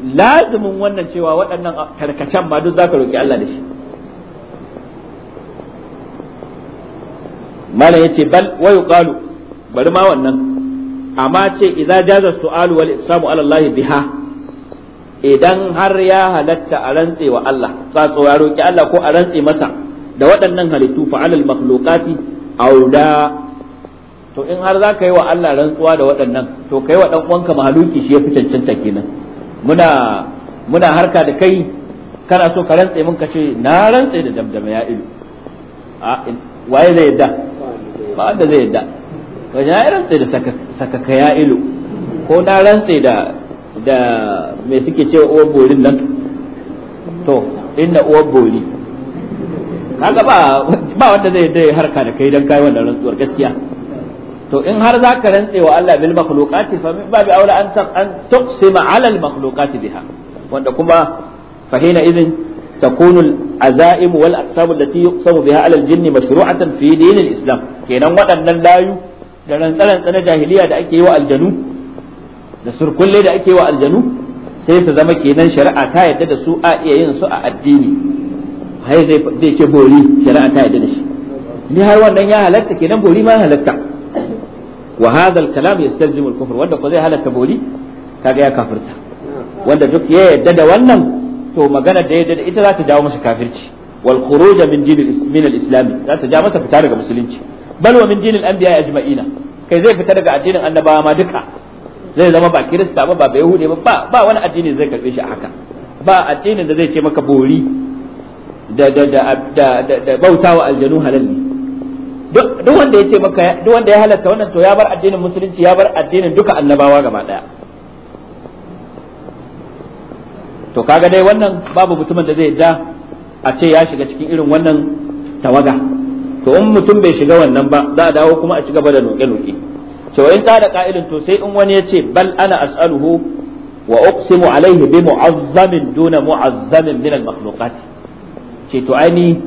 lazimin wannan cewa waɗannan karkacen ma duk ka roƙi Allah da shi malam yace bal wa yuqalu bari ma wannan amma ce idza jaza su'alu wal iqsamu ala Allah biha idan har ya halatta a rantse wa Allah tsatso ya roki Allah ko a rantse masa da waɗannan halittu fa alal makhluqati auda to in har za ka yi wa Allah rantsuwa da waɗannan to kai wa dan uwanka mahaluki shi ya fi cancanta kenan muna muna harka da kai kana so ka rantse mun ka ce na rantse da damdama ya ilu a waye zai yadda ba wanda zai yadda ka ya rantse da sakaka ya ilu ko na rantse da da me suke ce uwar borin nan to inna uwar bori kaga ba ba wanda zai yadda harka da kai dan kai wannan rantsuwar gaskiya to in har za ka rantse wa Allah bil makhluqati fa min babi aula an an tuqsima ala al makhluqati biha wanda kuma fahina idin takunu al azaim wal aqsam allati yuqsamu biha ala al jinni mashru'atan fi din al islam kenan wadannan layu da rantsaran tsana jahiliya da ake yi wa aljanu da surkulle da ake yi wa aljanu sai su zama kenan shari'a ta yadda da su a iya yin su a addini hai zai ce bori shari'a ta yadda da shi ni har wannan ya halatta kenan bori ma halatta wahazal hadha al-kalam yastalzimu al-kufr wanda ko zai halatta boli kaga ya kafirta wanda duk ya yadda da wannan to magana da yadda ita za ta jawo masa kafirci wal khuruj min din min al-islam za ta ja masa fita daga musulunci bal wa min din al-anbiya ajma'ina kai zai fita daga addinin annabawa ma duka zai zama ba kirista ba ba yahude ba ba wani addini zai karbe shi a haka ba addinin da zai ce maka bori da da da da bautawa aljanu halal duk wanda maka duk wanda ya halatta wannan to ya bar addinin musulunci ya bar addinin duka annabawa gaba daya to kaga dai wannan babu mutumin da zai da a ce ya shiga cikin irin wannan tawaga to in mutum bai shiga wannan ba za a dawo kuma a ci gaba da noke-noke to in ta da ka'ilin to sai in wani ya ce bal ana as'aluhu wa uqsimu alaihi bi mu'azzamin duna mu'azzamin min al-makhluqat ce to ai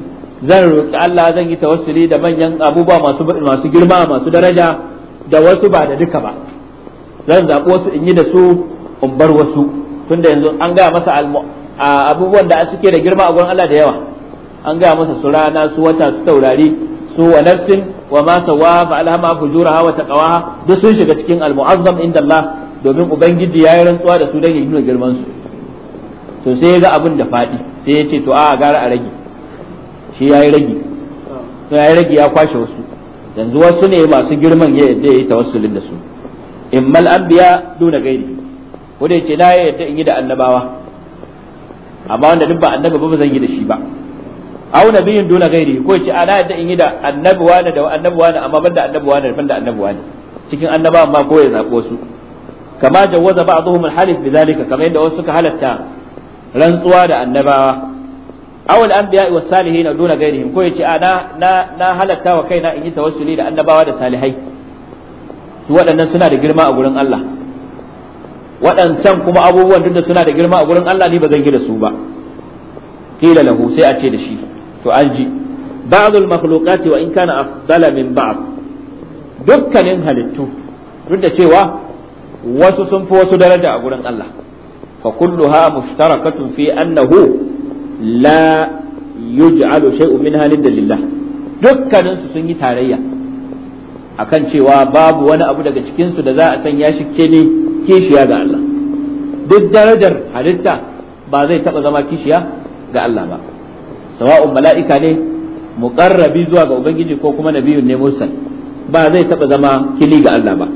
zan roƙi Allah zan yi tawassuli da manyan abubuwa masu masu girma masu daraja da wasu ba da duka ba zan zaɓi wasu in yi da su in bar wasu tunda yanzu an gaya masa abubuwan da suke da girma a gurin Allah da yawa an gaya masa su rana su wata su taurari su wa nafsin wa ma sawa fa alhama fujuraha wa taqwaha duk sun shiga cikin almu'azzam inda Allah domin ubangiji ya rantsuwa da su dan ya nuna girman su to sai ya ga abin da faɗi sai ya ce to a gara a rage shi ya yi ragi ya yi ragi ya kwashe wasu yanzu wasu ne masu girman ya yadda ya yi tawassulin da su in mal anbiya duna gairi ko da ce na yadda in yi da annabawa amma wanda duk ba annabi ba zan yi da shi ba aw nabiyin duna gairi ko ce ana yadda in yi da annabi wani da annabi wani amma banda annabi wani banda annabi wani cikin annabawa ma ko ya zabo su kama jawaza ba'dhum al-halif bidhalika kamar yadda wasu suka halatta rantsuwa da annabawa aw an biya was salihin duna gairihim ko yace a na na halatta wa kaina in yi tawassuli da annabawa da salihai su waɗannan suna da girma a gurin Allah waɗancan kuma abubuwan duk da suna da girma a gurin Allah ni ba zan yi da su ba qila lahu sai a ce da shi to an ji ba'dul makhluqati wa in kana afdala min ba'd dukkanin halittu duk da cewa wasu sun fi wasu daraja a gurin Allah fa kulluha mushtarakatun fi annahu la yuj'alu shay'un minha halin lillah dukkanin su sun yi tarayya akan cewa babu wani abu daga cikin su da za a sanya shi ne kishiya ga Allah duk darajar halitta ba zai taba zama kishiya ga Allah ba sawa'un mala'ika ne muqarrabi zuwa ga ubangiji ko kuma nabiyun ne mursal ba zai taba zama kili ga Allah ba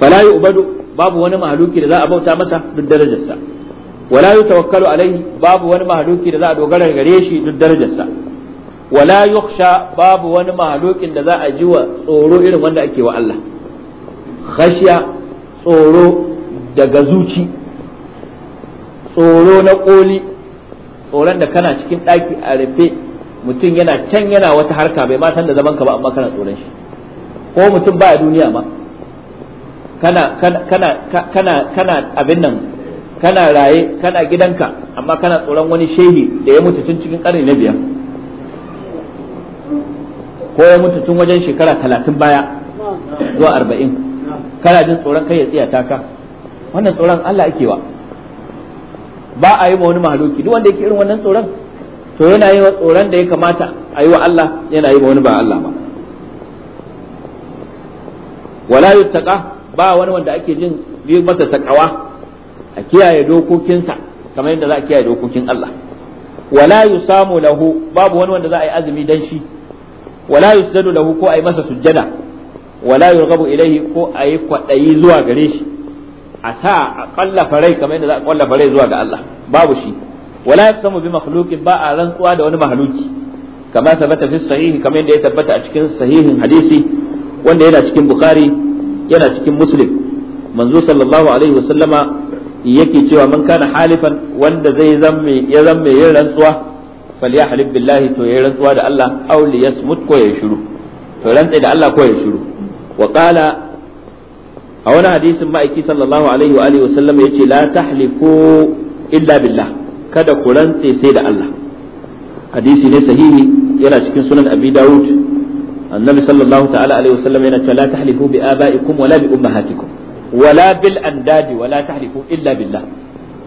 fala yu'badu babu wani mahaluki da za a bauta masa duk darajarsa wala tawakkalu alaihi babu wani mahaluki da za a dogara gare shi duk darajarsa wala yukhsha babu wani mahalukin da za ji wa tsoro irin wanda ake wa Allah khashya tsoro daga zuci tsoro na koli tsoron da kana cikin ɗaki a rufe mutum yana can yana wata harka bai ma da zaman ka ba amma kana tsoron shi ko mutum baya duniya ma kana kana kana kana abin nan kana raye kana gidanka amma kana tsoron wani shehi da ya mutu tun cikin karni na biyar ko ya mutu tun wajen shekara talatin baya zuwa arba'in kana jin tsoron kai ya tsiyata ka wannan tsoron Allah ake wa ba a yi ma wani mahaluki duk wanda yake irin wannan tsoron to yana yi wa tsoron da ya kamata a yi wa Allah yana yi ma wani ba Allah ba wala yuttaqa ba wani wanda ake jin biyu masa takawa a kiyaye dokokinsa kamar yadda za a kiyaye dokokin Allah wala yusamu lahu babu wani wanda za a yi azumi dan shi wala yusjadu lahu ko a yi masa sujjada wala yurghabu ilaihi ko a yi kwadayi zuwa gare shi a sa a kalla rai kamar yadda za a kalla rai zuwa ga Allah babu shi wala yusamu bi makhluqin ba a rantsuwa da wani mahaluki kamar sabata fi sahih kamar yadda ya tabbata a cikin sahihin hadisi wanda yana cikin bukhari yana cikin muslim manzo sallallahu alaihi wasallama yake cewa man kana halifan wanda zai zamme ya zamme yin rantsuwa falyahlib billahi to yin rantsuwa da Allah aw liyasmut ko ya shiru to rantsai da Allah ko ya shiru wa qala a wani hadisin ma'aiki sallallahu alaihi wa alihi wasallam yace la tahlifu illa billah kada ku rantse sai da Allah hadisi ne sahihi yana cikin sunan abi daud annabi sallallahu ta'ala alaihi wasallam yana cewa la tahlifu bi aba'ikum wala bi ummahatikum wala bil andadi wala tahlifu illa billah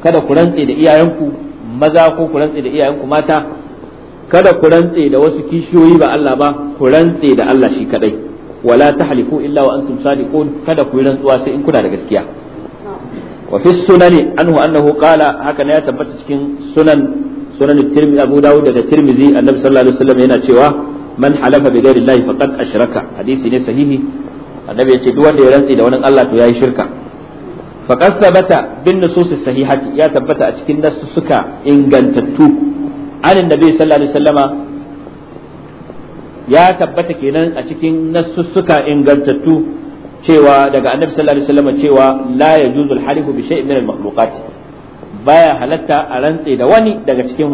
kada ku rantse da iyayenku maza ko ku rantse da iyayenku mata kada ku rantse da wasu kishiyoyi ba Allah ba ku rantse da Allah shi kadai wala tahlifu illa wa antum sadiqun kada ku yi rantsuwa sai in kuna da gaskiya wa fi sunani anhu annahu qala haka ne ya tabbata cikin sunan sunan tirmidhi abu dawud da tirmidhi annabi sallallahu alaihi wasallam yana cewa man halafa bi ghairi llahi faqad ashraka hadisi ne sahihi annabi ya duk wanda ya rantsi da wani Allah to yayi shirka faqad sabata bin nusus sahihati ya tabbata a cikin nasu suka ingantattu an annabi sallallahu alaihi wasallama ya tabbata kenan a cikin nasu suka ingantattu cewa daga annabi sallallahu alaihi wasallama cewa la yajuzu al-halifu bi shay'in min al-makhluqat baya halatta a rantse da wani daga cikin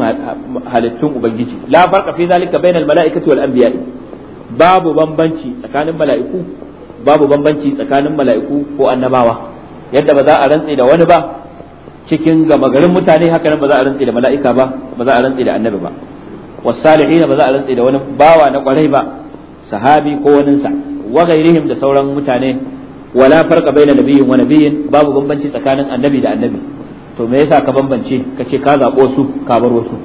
halittun ubangiji la farqa fi zalika bainal mala'ikati wal anbiya'i babu bambanci tsakanin mala'iku babu bambanci tsakanin mala'iku ko annabawa yadda ba za a rantse da wani ba cikin gama garin mutane haka nan ba za a rantse da mala'ika ba ba za a rantse da annabi ba wasalihin ba za a rantse da wani bawa na kwarai ba sahabi ko waninsa wa gairihim da sauran mutane wala farqa baina nabiyyin wa nabiyyin babu bambanci tsakanin annabi da annabi to me yasa ka bambance ka ce ka zabo su ka bar wasu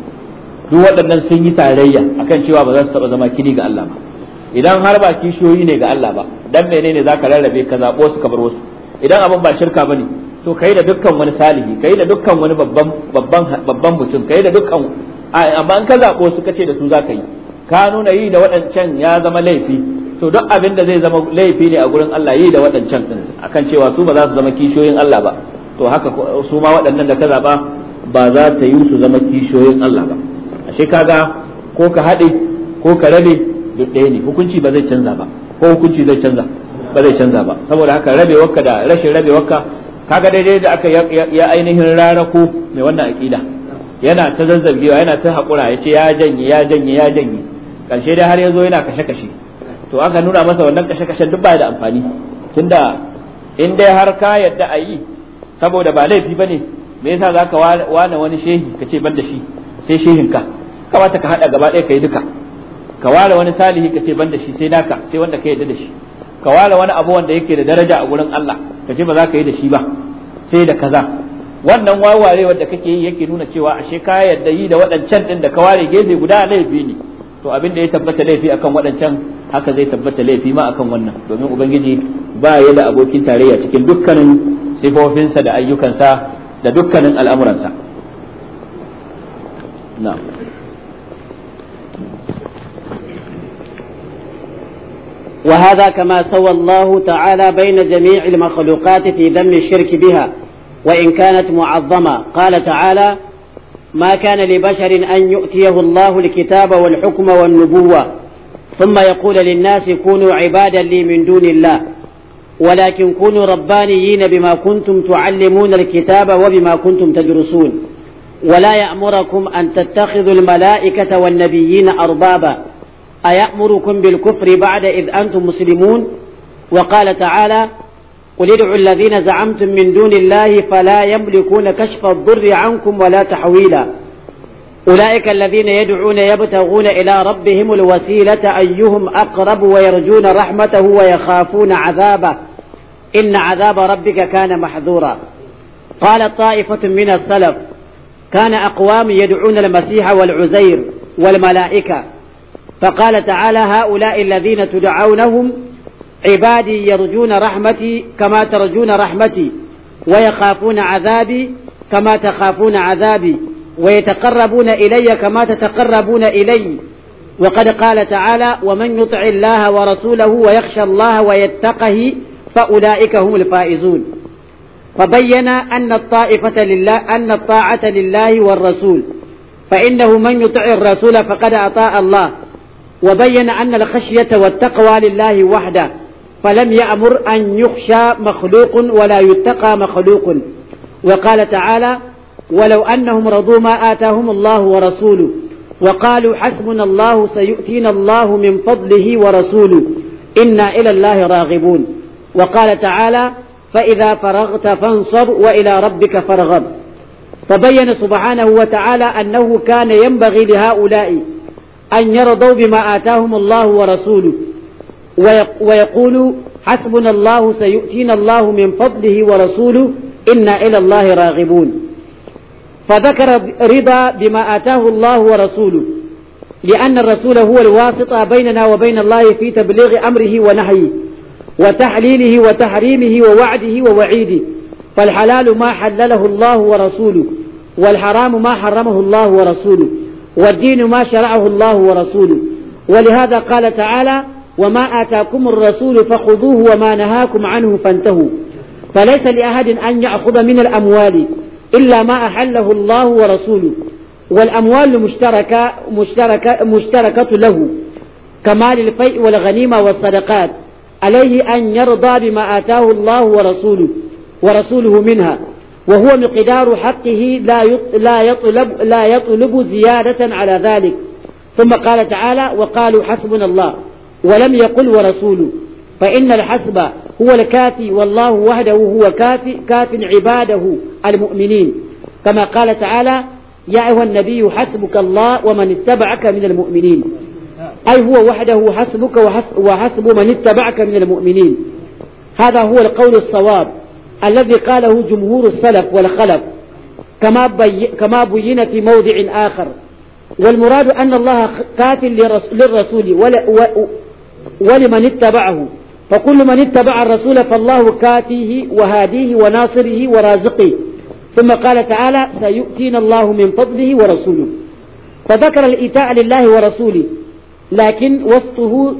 duk waɗannan sun yi tarayya akan cewa ba za su taɓa zama kini ga Allah ba idan har ba kishiyoyi ne ga Allah ba dan menene zaka rarrabe ka zabo su bar wasu idan abin ba shirka bane to kai da dukkan wani salihi kai da dukkan wani babban babban babban mutum kai da dukkan amma in ka zabo su kace da su zaka yi ka nuna yi da waɗancan ya zama laifi to duk abin da zai zama laifi ne a gurin Allah yi da waɗancan din akan cewa su ba za su zama kishiyoyin Allah ba to haka su ma waɗannan da ka zaba ba za ta yi su zama kishiyoyin Allah ba ashe kaga ko ka haɗe ko ka rabe duk ɗaya ne hukunci ba zai canza ba ko hukunci zai canza ba zai canza ba saboda haka wakka da rashin rabewarka kaga daidai da aka ya ainihin rarako mai wannan aƙida yana ta zazzabewa yana ta hakura ya ce ya janye ya janye ya janye ƙarshe dai har ya zo yana kashe-kashe to aka nuna masa wannan kashe-kashen duk baya da amfani tunda in dai har ka yadda a yi saboda ba laifi ba ne me yasa za ka wane wani shehi ka ce ban da shi sai shehin ka kamata ka haɗa gaba ɗaya ka yi duka ka ware wani salihi ka ce banda shi sai naka sai wanda ka yadda da shi ka ware wani abu wanda yake da daraja a gurin Allah ka ce ba za ka yi da shi ba sai da kaza wannan wawarewar da kake yi yake nuna cewa ashe ka yarda yi da waɗancan din da ka ware gefe guda laifi ne to abin da ya tabbata laifi akan waɗancan haka zai tabbata laifi ma akan wannan domin ubangiji ba ya da abokin tarayya cikin dukkanin sifofinsa da ayyukansa da dukkanin al'amuransa na'am وهذا كما سوى الله تعالى بين جميع المخلوقات في ذم الشرك بها وإن كانت معظمة قال تعالى ما كان لبشر أن يؤتيه الله الكتاب والحكم والنبوة ثم يقول للناس كونوا عبادا لي من دون الله ولكن كونوا ربانيين بما كنتم تعلمون الكتاب وبما كنتم تدرسون ولا يأمركم أن تتخذوا الملائكة والنبيين أربابا أيأمركم بالكفر بعد إذ أنتم مسلمون وقال تعالى قل ادعوا الذين زعمتم من دون الله فلا يملكون كشف الضر عنكم ولا تحويلا أولئك الذين يدعون يبتغون إلى ربهم الوسيلة أيهم أقرب ويرجون رحمته ويخافون عذابه إن عذاب ربك كان محذورا قال طائفة من السلف كان أقوام يدعون المسيح والعزير والملائكة فقال تعالى هؤلاء الذين تدعونهم عبادي يرجون رحمتي كما ترجون رحمتي ويخافون عذابي كما تخافون عذابي ويتقربون إلي كما تتقربون إلي وقد قال تعالى ومن يطع الله ورسوله ويخشى الله ويتقه فأولئك هم الفائزون فبين أن الطائفة لله أن الطاعة لله والرسول فإنه من يطع الرسول فقد أطاع الله وبين أن الخشية والتقوى لله وحده فلم يأمر أن يخشى مخلوق ولا يتقى مخلوق وقال تعالى ولو أنهم رضوا ما آتاهم الله ورسوله وقالوا حسبنا الله سيؤتينا الله من فضله ورسوله إنا إلى الله راغبون وقال تعالى فإذا فرغت فانصب وإلى ربك فارغب فبين سبحانه وتعالى أنه كان ينبغي لهؤلاء أن يرضوا بما آتاهم الله ورسوله ويقولوا حسبنا الله سيؤتينا الله من فضله ورسوله إنا إلى الله راغبون فذكر رضا بما آتاه الله ورسوله لأن الرسول هو الواسطة بيننا وبين الله في تبليغ أمره ونهيه وتحليله وتحريمه ووعده ووعيده فالحلال ما حلله الله ورسوله والحرام ما حرمه الله ورسوله والدين ما شرعه الله ورسوله ولهذا قال تعالى وما آتاكم الرسول فخذوه وما نهاكم عنه فانتهوا فليس لأحد أن يأخذ من الأموال إلا ما أحله الله ورسوله والأموال مشتركة, مشتركة, مشتركة له كمال الفيء والغنيمة والصدقات عليه أن يرضى بما آتاه الله ورسوله ورسوله منها وهو مقدار حقه لا لا يطلب لا يطلب زيادة على ذلك ثم قال تعالى وقالوا حسبنا الله ولم يقل ورسوله فإن الحسب هو الكافي والله وحده هو كافي كاف عباده المؤمنين كما قال تعالى يا أيها النبي حسبك الله ومن اتبعك من المؤمنين أي هو وحده حسبك وحسب من اتبعك من المؤمنين هذا هو القول الصواب الذي قاله جمهور السلف والخلف كما, بي كما بين في موضع آخر والمراد أن الله كاف للرسول ولمن اتبعه فكل من اتبع الرسول فالله كافيه وهاديه وناصره ورازقه ثم قال تعالى سيؤتينا الله من فضله ورسوله فذكر الإيتاء لله ورسوله لكن وسطه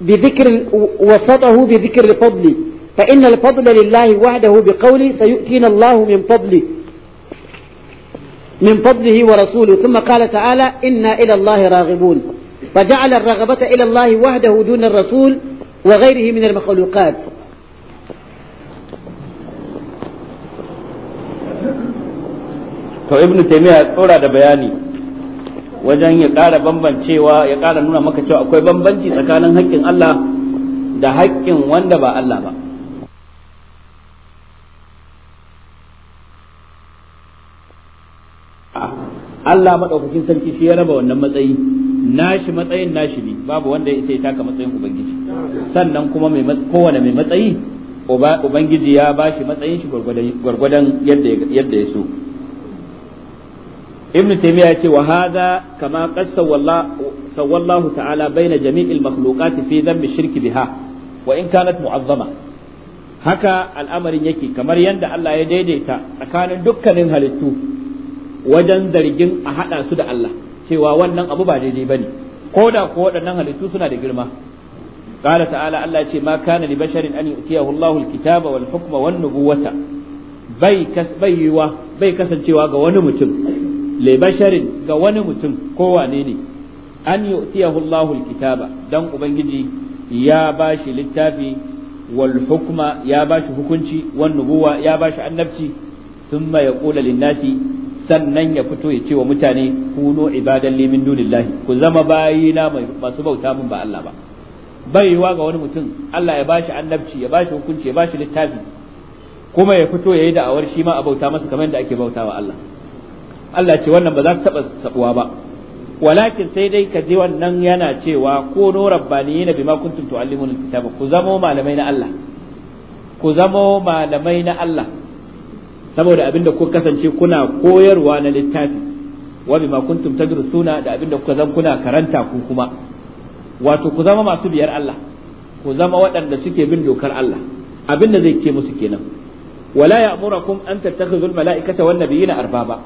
بذكر وسطه بذكر فضله فإن الفضل لله وحده بقوله سيؤتينا الله من فضله من فضله ورسوله ثم قال تعالى إنا إلى الله راغبون فجعل الرغبة إلى الله وحده دون الرسول وغيره من المخلوقات فابن تيمية أورا بياني da bayani wajen ya ƙara bambancewa ya ƙara nuna maka cewa akwai bambanci tsakanin haƙƙin Allah da haƙƙin wanda ba Allah ba Allah maɗaukakin sarki shi ya raba wannan matsayi nashi matsayin nashi ne babu wanda ya isa ya taka matsayin ubangiji sannan kuma mai kowane mai matsayi ubangiji ya bashi matsayin shi gwargwadon yadda ya so ibn taymiya ya wa hadha kama qassa wallahu ta'ala baina jami'il makhluqati fi dhanbi shirki biha wa in kanat mu'azzama haka al'amarin yake kamar yadda Allah ya daidaita tsakanin dukkanin halittu wajen zargin a haɗa su da Allah cewa wannan abu ba daidai ba ne ko da ko waɗannan halittu suna da girma ƙara ta'ala Allah ce ma kana li basharin an yi'tiyahu Allahul kitaba wal hukma wan nubuwata bai kas bai kasancewa ga wani mutum li basharin ga wani mutum ko wane ne an yu'tiyahu Allahul kitaba dan ubangiji ya bashi littafi wal hukma ya bashi hukunci wan nubuwa ya bashi annabci thumma yaqulu lin nasi sannan ya fito ya ce wa mutane kuno ibadan li min dunillahi ku zama bayina masu bauta min ba Allah ba bai yiwa ga wani mutum Allah ya bashi annabci ya bashi hukunci ya bashi littafi kuma ya fito yayi da'awar shi ma a bauta masa kamar yadda ake bautawa Allah Allah ce wannan ba za ta taba sabuwa ba walakin sai dai ka ji wannan yana cewa ko no rabbaniyina bima kuntum tu'allimuna kitaba ku zamo malamai na Allah ku zamo malamai na Allah saboda abinda kuka kasance kuna koyarwa na littafi wa bima kuntum tadrusuna da abinda kuka zan kuna karanta ku kuma wato ku zama masu biyar Allah ku zama waɗanda suke bin dokar Allah abinda zai ke musu kenan wala ya'murakum an tattakhidhul mala'ikata wan nabiyina arbaba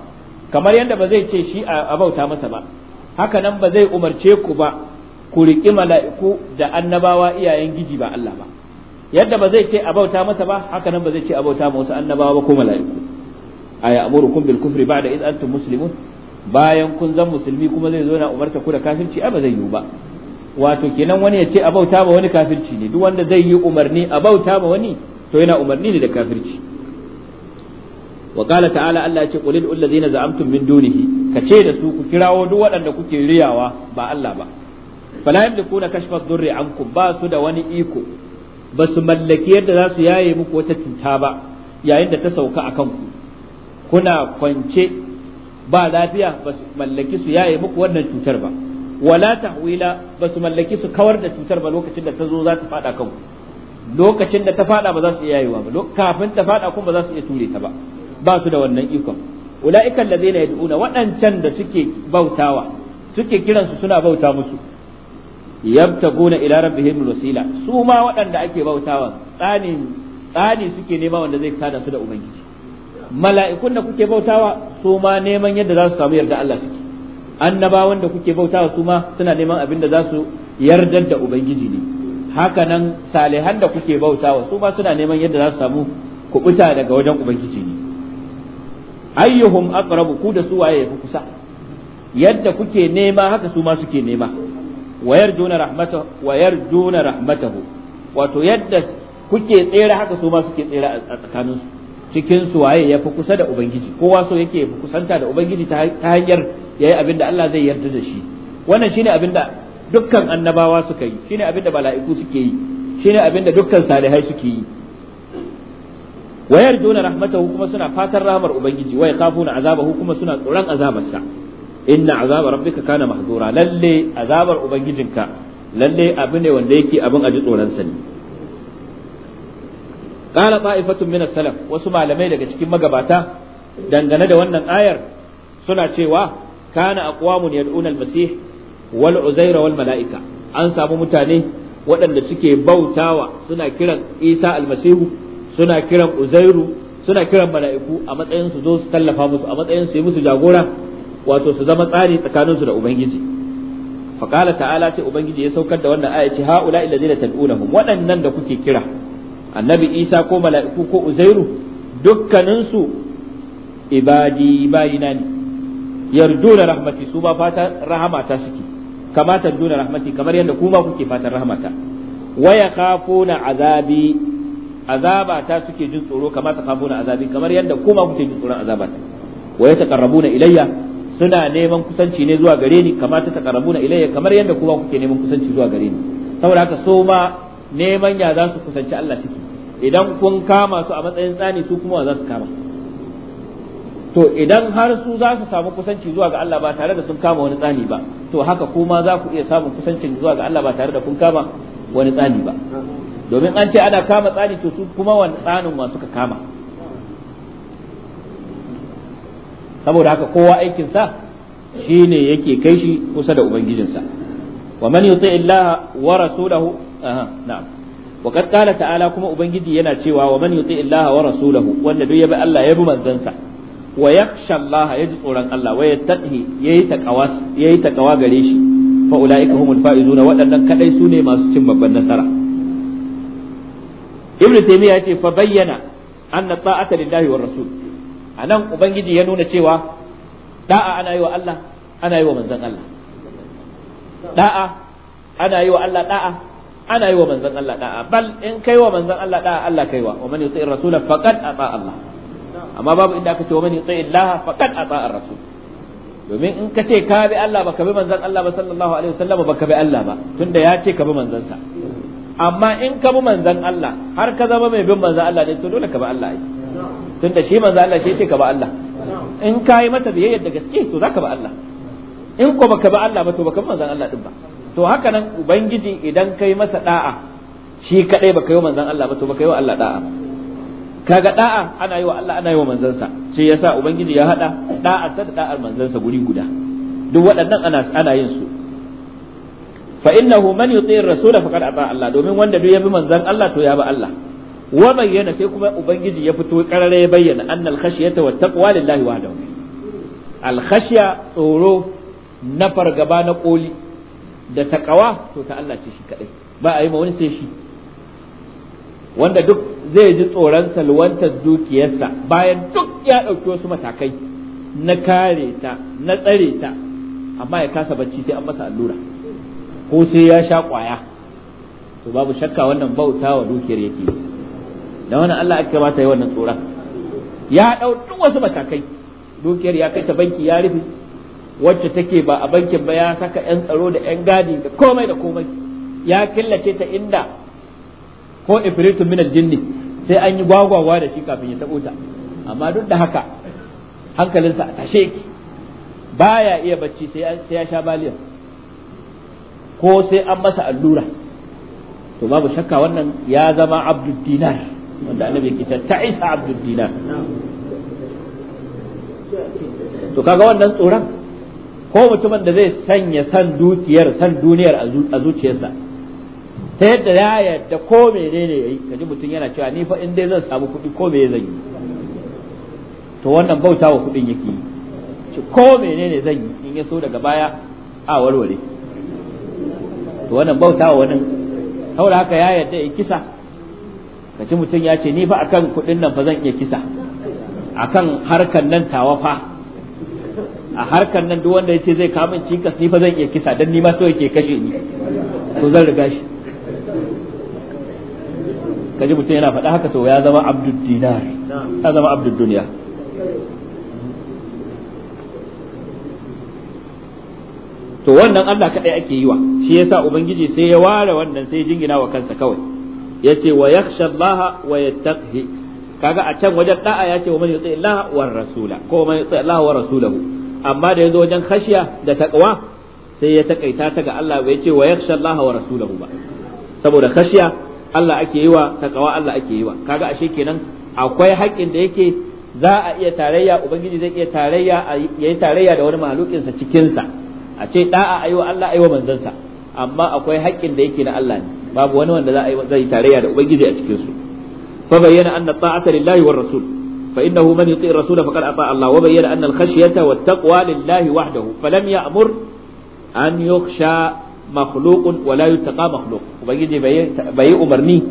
kamar yadda ba zai ce shi a bauta masa ba haka nan ba zai umarce ku ba ku riƙi mala'iku da annabawa iyayen giji ba Allah ba yadda ba zai ce a bauta masa ba haka nan ba zai ce a bauta masa annabawa ba ko mala'iku aya amurukum bil kufri ba'da id antum muslimun bayan kun zan musulmi kuma zai zo na umarta ku da kafirci a ba zai yiwu ba wato kenan wani ya ce a bauta ma wani kafirci ne duk wanda zai yi umarni a bauta ma wani to yana umarni ne da kafirci wa qala ta'ala Allah ya ce qulil allazina za'amtum min dunihi kace da su ku kirawo duk waɗanda kuke riyawa ba Allah ba fala yamlikuna kashfa dhurri ankum ba su da wani iko ba su mallaki yadda za su yaye muku wata cuta ba yayin da ta sauka a kanku kuna kwance ba lafiya ba su mallaki su yaye muku wannan cutar ba wala tahwila ba su mallaki su kawar da cutar ba lokacin da ta zo za ta fada kanku lokacin da ta fada ba za su iya yayewa ba kafin ta fada kuma ba za su iya ture ta ba ba su da wannan ikon ula'ikan ladina yad'una waɗancan da suke bautawa suke kiransu suna bauta musu yabtaguna ila rabbihim wasila su ma waɗanda ake bautawa tsani tsani suke nema wanda zai sada su da ubangiji mala'ikun da kuke bautawa su ma neman yadda za su samu yarda Allah suke annabawan da kuke bautawa su ma suna neman abin da za su yardar da ubangiji ne haka nan salihan da kuke bautawa su ma suna neman yadda za su samu kubuta daga wajen ubangiji ne ayyuhum aqrabu ku da su waye fi kusa yadda kuke nema haka su ma suke nema ويرجون رحمته ويرجون رحمته wato yadda kuke tsere haka su ma suke tsere a tsakaninsu cikin su waye ya fi kusa da ubangiji kowa so yake fi kusanta da ubangiji ta hanyar yayi abin da Allah zai yarda da shi wannan shine abin da dukkan annabawa suka yi shine abin da mala'iku suke yi shine abin da dukkan salihai suke yi wayar jona rahmatahu kuma suna fatan rahmar ubangiji wai kafuna azabahu kuma suna tsoron azabarsa inna azaba rabbika kana mahdura lalle azabar ubangijinka lalle abu ne wanda yake abin aji tsoron sa ne qala ta'ifatun min as-salaf wasu malamai daga cikin magabata dangane da wannan ayar suna cewa kana aqwamun yad'una al-masih wal uzair wal mala'ika an samu mutane waɗanda suke bautawa suna kiran isa almasihu suna kiran uzairu suna kiran mala'iku a matsayin su zo su tallafa musu a matsayin su yi musu jagora wato su zama tsari tsakaninsu da ubangiji faqala ta'ala sai ubangiji ya saukar da wannan aya ce haula illazina tad'unahum waɗannan da kuke kira annabi isa ko mala'iku ko uzairu dukkaninsu ibadi bayina ne yarduna rahmati su ba fatan rahamata suke kamata duna rahmati kamar yadda ku ba kuke fatan rahamata waya kafuna azabi azaba suke jin tsoro kamata kafuna azabi kamar yadda ku ma kuke jin tsoron azabata wa yataqarrabuna ilayya suna neman kusanci ne zuwa gare ni kamata ta na ilayya kamar yadda kuma kuke neman kusanci zuwa gare ni saboda haka so ma neman ya za su kusanci Allah ciki idan kun kama su a matsayin tsani su kuma za su kama to idan har su za su samu kusanci zuwa ga Allah ba tare da sun kama wani tsani ba to haka kuma za ku iya samun kusancin zuwa ga Allah ba tare da kun kama wani tsani ba domin an ce ana kama tsani to su kuma wani tsanin ma suka kama saboda haka kowa aikinsa ne yake kai shi kusa da ubangijinsa wa man yuti Illah wa rasulahu aha na'am wa qad qala ta'ala kuma ubangiji yana cewa wa man yuti Illah wa rasulahu wanda duk yabi Allah yabi manzansa wa yakhsha Allah yaji tsoron Allah wa yattaqi yayi taqawas yayi taqawa gare shi fa ulaika humul faizuna waɗannan kadai sune masu cin babban nasara ibnu taymiya ya ce fa bayyana anna ta'ata lillahi war rasul a nan ubangiji ya nuna cewa da'a ana yi wa Allah ana yi wa manzon Allah da'a ana yi wa Allah da'a ana yi wa manzon Allah da'a bal in kai wa manzan Allah da'a Allah kai wa wa man yuti rasula faqad ata Allah amma babu inda aka ce wa man yuti Allah faqad ata ar-rasul domin in ka ce ka bi Allah baka bi manzan Allah ba sallallahu alaihi wasallam baka bi Allah ba tunda ya ce ka bi manzon sa amma in ka bi manzan Allah har ka zama mai bin manzon Allah ne to dole ka bi Allah ai tunda shi manzo Allah shi ce ka ba Allah in ka yi mata biyayya da gaske to zaka ba Allah in ko baka ba Allah ba to baka manzon Allah din ba to haka nan ubangiji idan kai masa da'a shi kadai baka yi manzon Allah ba to baka yi wa Allah da'a kaga da'a ana yi wa Allah ana yi wa manzansa shi yasa ubangiji ya hada da'a sa da da'ar manzansa guri guda duk waɗannan ana ana yin su fa innahu man yuti ar-rasul faqad ata Allah domin wanda duk ya bi manzon Allah to ya ba Allah wa bayyana sai kuma ubangiji ya fito karara ya bayyana annal khashyata wat taqwa lillahi wahdahu al khashya tsoro na fargaba na koli da taqwa to ta Allah ce shi kadai ba a yi ma wani sai shi wanda duk zai ji tsoron salwantar dukiyarsa bayan duk ya ɗauki wasu matakai na kare ta na tsare ta amma ya kasa bacci sai an masa allura ko sai ya sha kwaya to babu shakka wannan bauta wa dukiyar yake yi da wani Allah ba kamata yi wannan tsoron ya dau duk wasu matakai dukiyar ya kai ta banki ya rufe wacce take ba a bankin ba ya saka yan tsaro da yan gadi da komai da komai ya killace ta inda ko ifritun min aljinni sai an yi gwagwagwa da shi kafin ya tabo ta amma duk da haka hankalinsa a tashe ki baya iya bacci sai ya sha baliyan ko sai an masa allura to babu shakka wannan ya zama abdul dinar wanda annabi ke ta ta'isa abdullina to kaga wannan tsoron ko mutumin da zai sanya san dukiyar san duniyar a zuciyarsa ta yadda ya yadda ko menene yayi kaji mutum yana cewa ni fa in dai zan samu kuɗi ko me zan yi to wannan bautawa kuɗin yake yi ci ko menene zan yi in ya so daga baya a warware to wannan bautawa wani saboda haka ya yadda ya kisa ci mutum ya ce ni fa akan kuɗin nan fa zan iya kisa akan harkan nan tawa fa a harkan nan duk wanda ya ce zai kamun cikas ni fa zan iya kisa dan ni ma so yake kashe ni to zan riga shi kaji mutum yana faɗa haka to ya zama abdul dinar ya zama abdul duniya to wannan Allah kadai ake yi wa shi yasa ubangiji sai ya ware wannan sai jingina wa kansa kawai yace wa yakhsha Allah wa yattaqi kaga a can wajen da'a yace wa man yuti Allah wa rasula ko man yuti Allah wa rasulahu amma da yazo wajen khashiya da taqwa sai ya takaita ta ga Allah bai ce wa yakhsha Allah wa rasulahu ba saboda khashiya Allah ake yi wa taqwa Allah ake yi wa kaga ashe kenan akwai haƙƙin da yake za a iya tarayya ubangiji zai iya tarayya yayi tarayya da wani mahalukin sa cikin sa a ce da'a ayi wa Allah ayi wa manzon sa amma akwai haƙƙin da yake na Allah ne babu wani wanda za a yi zai tarayya da ubangiji a cikin su fa bayyana anna ta'ata lillahi war rasul fa innahu man yuti ar-rasul faqad ata Allah wa bayyana anna al-khashyata wat taqwa lillahi wahdahu falam ya'mur an yukhsha makhluqun wa la yutaqa makhluq ubangiji bai umarni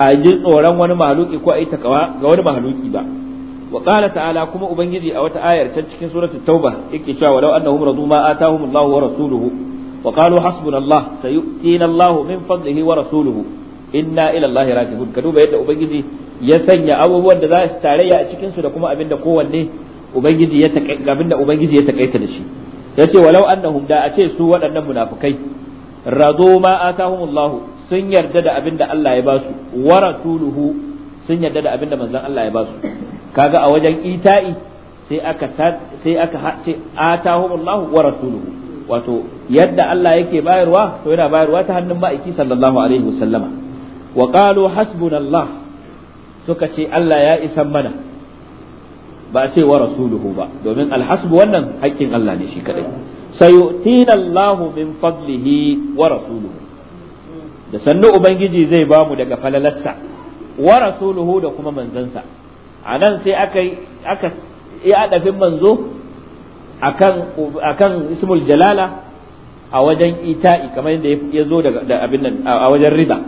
a ji tsoron wani mahaluki ko a yi takawa ga wani mahaluki ba wa qala ta'ala kuma ubangiji a wata ayar can cikin suratul tauba yake cewa walau annahum radu ma atahum Allah wa rasuluhu wa qalu hasbunallah sayu'tina Allahu min fadlihi wa rasuluhu inna ila Allahi raji'un ka duba yadda ubangiji ya sanya abubuwan da za su tare a cikin su da kuma abinda kowanne ubangiji ya takaita abinda ubangiji ya takaita da shi yace walau annahum da a su waɗannan munafukai rado ma atahumullahu sun yarda da abinda Allah ya basu wa rasuluhu sun yarda da abinda manzon Allah ya basu kaga a wajen ita'i sai aka ce atahumullahu wa wato yadda Allah yake bayarwa to yana bayarwa ta hannun ma'aiki sallallahu alaihi wasallama wa qalu hasbunallah suka ce Allah ya isan mana ba a ce wa rasuluhu ba domin alhasbu wannan haƙƙin Allah ne shi kadai sayu'tina Allahu min fadlihi wa rasuluhu da sannu ubangiji zai ba mu daga falalarsa wa rasuluhu da kuma manzansa a nan sai aka aka iya adafin manzo akan akan ismul jalala a wajen ita'i kamar yadda ya zo da abin nan a wajen riba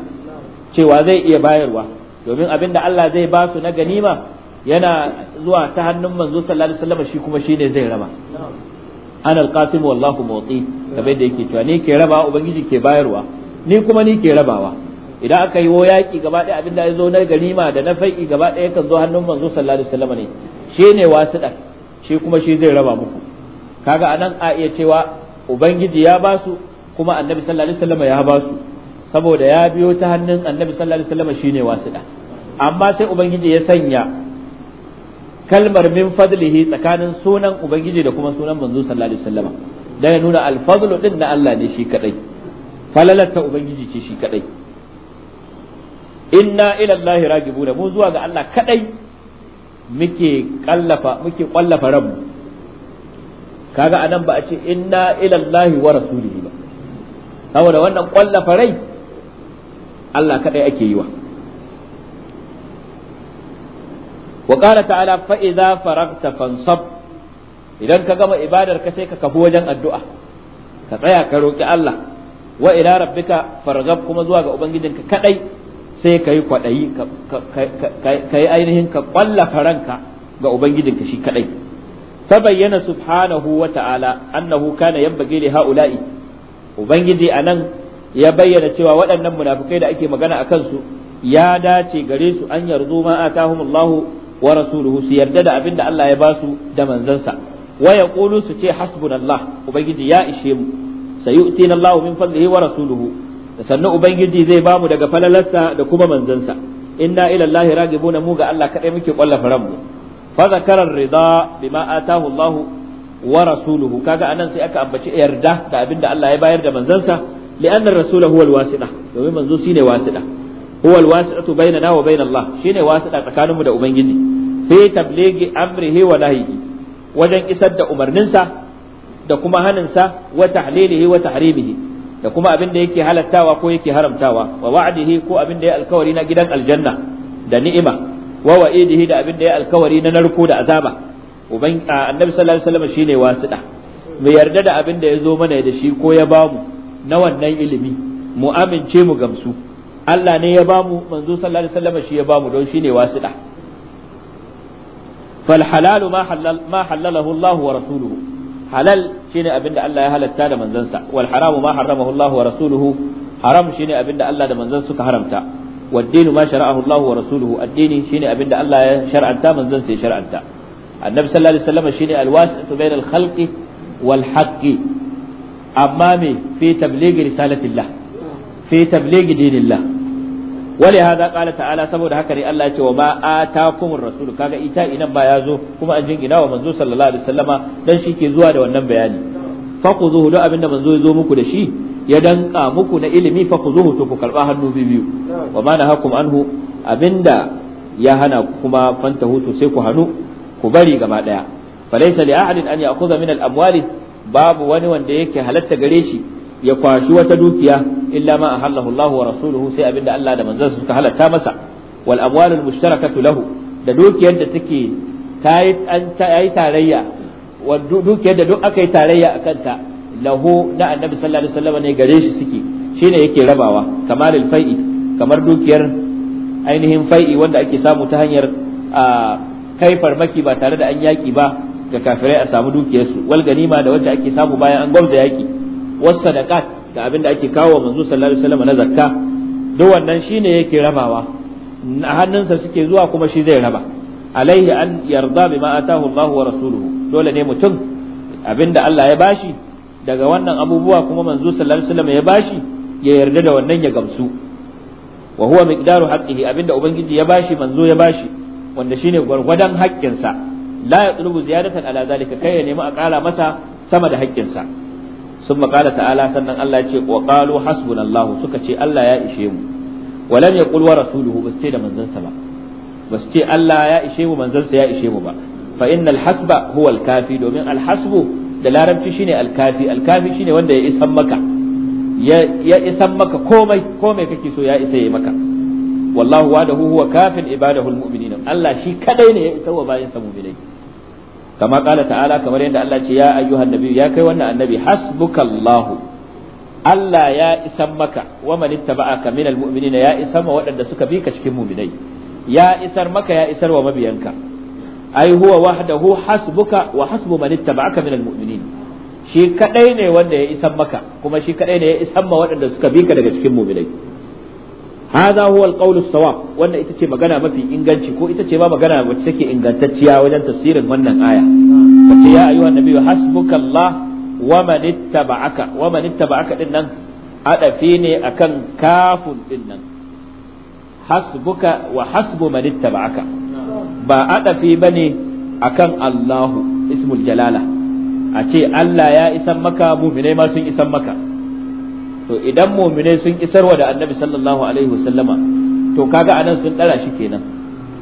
cewa zai iya bayarwa domin abin da Allah zai ba su na ganima yana zuwa ta hannun manzo sallallahu alaihi wasallam shi kuma shine zai raba ana alqasim wallahu muti kamar yadda yake cewa ni ke raba ubangiji ke bayarwa ni kuma ni ke rabawa idan aka yi yaki gaba ɗaya abin da ya zo na ganima da na fai'i gaba ɗaya kan zo hannun manzo sallallahu alaihi wasallam ne shine wasiɗa shi kuma shi zai raba muku kaga anan a iya cewa ubangiji ya ba su kuma annabi sallallahu alaihi wasallam ya ba su saboda ya biyo ta hannun annabi sallallahu alaihi wasallam shine wasiɗa amma sai ubangiji ya sanya kalmar min fadlihi tsakanin sunan ubangiji da kuma sunan manzo sallallahu alaihi wasallam da ya nuna alfadlu din na Allah ne shi kadai falalata ubangiji ce shi kadai inna ila allahi ragibuna mu zuwa ga Allah kadai muke kallafa muke kwallafa rabu. kaga anan ba a ce inna ila Allah wa rasulihi ba saboda wannan kwallafa rai Allah kadai ake yi wa wa qala ta'ala fa idza faragta fansab idan ka gama ibadar ka sai ka kafu wajen addu'a ka tsaya ka roki Allah wa ila rabbika fargab kuma zuwa ga ubangijinka kadai sai ka kwadayi ka yi ainihin ka kwallafa ranka ga ubangijinka shi kadai ta bayyana subhanahu wa ta'ala anna hukana yan bageri ha ubangiji a ya bayyana cewa waɗannan munafuka da ake magana a kansu ya dace gare su an yarzu zoma a tahun wa rasu su yarda da abinda allah ya basu da manzansa wayan kulu su ce hasbunallah ubangiji ya ishe mu sayu itinallahu min faɗi he wa rasu luhu da sannu ubangiji zai bamu daga falalarsa da kuma manzansa inna ila lahi ragi mu ga allah kada muke ƙwallofin mu fa zakara rida bima atahu Allah wa rasuluhu kaga anan sai aka ambaci yarda da abinda Allah ya bayar da manzansa li'anna ar-rasula huwa al-wasita domin manzo shine wasita huwa al-wasitatu wa bain shine wasita tsakaninmu da ubangiji fi tablighi amrihi wa nahyihi wajen isar da umarninsa da kuma haninsa wa tahlilihi wa tahrimihi da kuma abin da yake halattawa ko yake haramtawa wa wa'dihi ko abin da ya alkawari na gidan aljanna da ni'ima wa wa'idihi da abin da ya alkawari na narko da azaba uban annabi sallallahu alaihi wasallam shine wasiɗa mu yarda da abin da ya zo mana da shi ko ya bamu na wannan ilimi mu amince mu gamsu Allah ne ya bamu manzo sallallahu alaihi wasallam shi ya bamu don shine wasiɗa fal halalu ma halal ma halalahu Allah wa rasuluhu halal shine abin da Allah ya halatta da manzansa wal haramu ma haramahu Allah wa rasuluhu haram shine abin da Allah da manzon suka haramta والدين ما شرعه الله ورسوله الدين شيني أبدا الله شرعا من ذنسي شرعا النبي صلى الله عليه وسلم شيني الواسطة بين الخلق والحق أمامي في تبليغ رسالة الله في تبليغ دين الله ولهذا قال تعالى سبب هكري الله يتي وما آتاكم الرسول كاغا إيتا إنا ما يازو كما أنجن إنا ومنزو صلى الله عليه وسلم دان شيكي زوا دا ونن بياني فقضوه دو أبن منزو يزو مكو دشي ya danka muku na ilimi fa zuhu to ku karba hannu biyu wa ma anhu abinda ya hana ku kuma fanta hutu sai ku hanu ku bari gaba daya falaysa li ahadin an ya'khudha min al-amwali babu wani wanda yake halatta gare shi ya kwashi wata dukiya illa ma ahallahu Allah wa rasuluhu sai abinda Allah da manzansa suka halatta masa wal amwalul mushtarakatu lahu da dukiyar da take tayi an tayi tarayya wa dukiyar da duk aka yi tarayya akan ta lahu na annabi sallallahu alaihi wasallam ne gare shi suke shine yake rabawa kamar fai'i kamar dukiyar ainihin fai'i wanda ake samu ta hanyar a kai farmaki ba tare da an yaki ba ga kafirai a samu dukiyarsu wal ganima da wacce ake samu bayan an gwamza yaki was sadaqat da abin da ake kawo manzo sallallahu alaihi wasallam na zakka duk wannan shine yake rabawa a hannunsa suke zuwa kuma shi zai raba alaihi an yarda bima atahu Allah wa rasuluhu dole ne mutum abinda Allah ya bashi daga wannan abubuwa kuma manzo sallallahu alaihi ya bashi ya yarda da wannan ya gamsu wa huwa miqdaru haqqihi abinda ubangiji ya bashi manzo ya bashi wanda shine gwargwadon haƙƙinsa la yatlubu ziyadatan ala zalika kai ya nemi a ƙara masa sama da haƙƙinsa sun maƙala ta'ala sannan Allah ya ce wa qalu hasbunallahu suka ce Allah ya ishe mu walam yaqul wa rasuluhu ba ce da manzansa ba ba ce Allah ya ishe mu manzansa ya ishe mu ba fa innal hasba huwa al kafi domin al hasbu da larabci shine alkafi alkafi shine wanda ya isan maka ya isan maka komai komai kake so ya isa ya maka wallahu da huwa kafin ibadahu almu'minin Allah shi kadai ne ya isa wa bayan sa mu'minai kama kala ta'ala kamar yadda Allah ce ya ayyuhan nabi ya kai wannan annabi hasbukallahu Allah ya isan maka wa man ittaba'aka minal mu'minina ya isan ma waɗanda suka bi ka cikin mu'minai ya isar maka ya isar wa mabiyanka ai huwa wahdahu hasbuka wa hasbu man ittaba'aka minal shi kadai ne wanda ya isan maka kuma shi kadai ne ya isan ma waɗanda suka bi ka daga cikin mu'minai hadha huwa alqawlu sawab wanda ita ce magana mafi inganci ko ita ce ma magana wacce take ingantacciya wajen tafsirin wannan aya wace ya ayyuhan nabiyyu hasbuka Allah wa man ittaba'aka wa man ittaba'aka din nan adafi ne akan kafun din nan hasbuka wa hasbu man ittaba'aka ba a ba ne a kan Allahu ismul jalala a ce Allah ya isan maka muminai ma sun isan maka to idan muminai sun isarwa da annabi sallallahu alaihi wasallama to kaga a nan sun dara shi kenan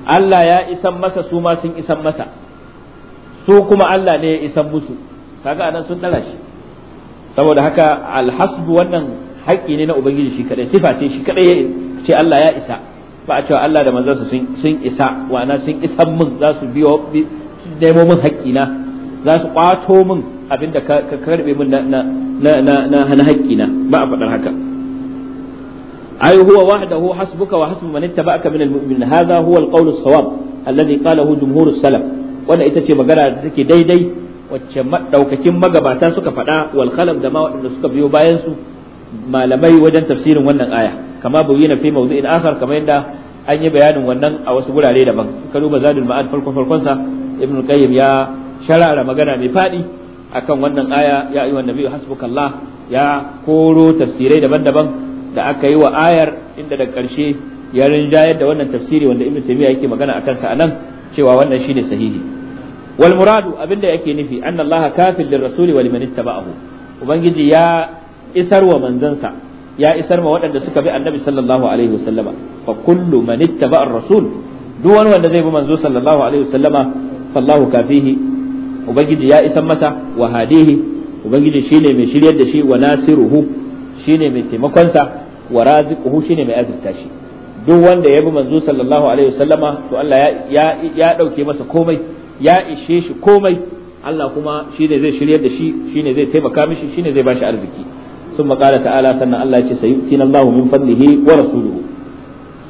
Allah ya isan masa su ma sun isan masa su kuma Allah ne ya isan musu kaga a nan sun dara shi saboda haka alhasbu wannan haƙƙi ne na ubangiji shi kadai sifa ce shi kadai ya ce Allah ya isa ba a cewa Allah da manzansa sun isa waana sun isan min za su biyo nemo min haƙƙina za su ƙwato min abinda ka karbe min na haƙƙina ba a faɗar haka ai huwa wahdahu hasbuka wa hasbu man ittaba'aka min almu'minin hadha huwa alqawl as-sawab alladhi qalahu jumhur as-salaf wannan ita ce magana da take daidai wacce madaukakin magabata suka faɗa wal khalaf da ma waɗanda suka biyo bayan su malamai wajen tafsirin wannan aya kama bayyana fi mawdu'in akhar kamar yadda an yi bayanin wannan a wasu gurare daban ka duba zadul ma'ad farkon farkon sa ibn qayyim ya sharara magana mai fadi akan wannan aya ya ayyuhan nabiyyu hasbukallah ya koro tafsirai daban-daban da aka yi wa ayar inda da ƙarshe ya rinjayar da wannan tafsiri wanda ibn taymiya yake magana akan sa anan cewa wannan shine sahihi wal muradu abinda yake nufi annallaha allaha kafil lirrasuli wa liman ittaba'ahu ubangiji ya isar wa manzansa ya isar ma waɗanda suka bi annabi sallallahu alaihi wasallama fa kullu man ittaba ar-rasul duk wani wanda zai bi manzo sallallahu alaihi wasallama fallahu kafihi ubangiji ya isar masa wa hadihi ubangiji shine mai shiryar da shi wa nasiruhu shine mai taimakon sa wa raziquhu shine mai azurta shi duk wanda ya bi manzo sallallahu alaihi wasallama to Allah ya ya dauke masa komai ya ishe shi komai Allah kuma shine zai shiryar da shi shine zai taimaka mishi shine zai bashi arziki ثم قال تعالى سنة الله سيؤتينا الله من فضله ورسوله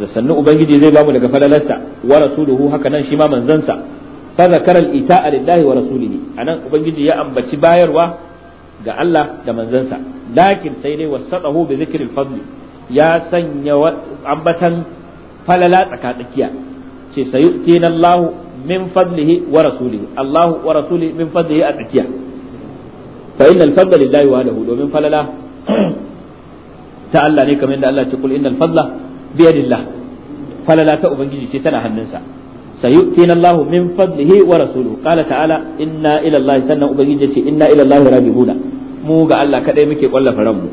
sannu ubangiji zai bamu daga falalarsa wa rasuluhu haka nan shima ma manzansa fa ita al-ita'a lillahi wa rasulihi anan ubangiji ya ambaci bayarwa ga Allah da manzansa lakin sai dai wasadahu bi dhikri al-fadl ya sanya ambatan falala tsakatsakiya ce sayu'tina Allah min fadlihi wa rasulihi Allah wa rasulihi min fadlihi a tsakiya domin falala ta Allah ne kamar yadda Allah ce kul innal fadla bi yadillah falala ta ubangiji ce tana hannunsa sayu'tina Allah min fadlihi wa rasuluhu qala ta'ala inna ila Allah ubangiji ce inna ila Allah mu ga Allah kadai muke kwallafa ranmu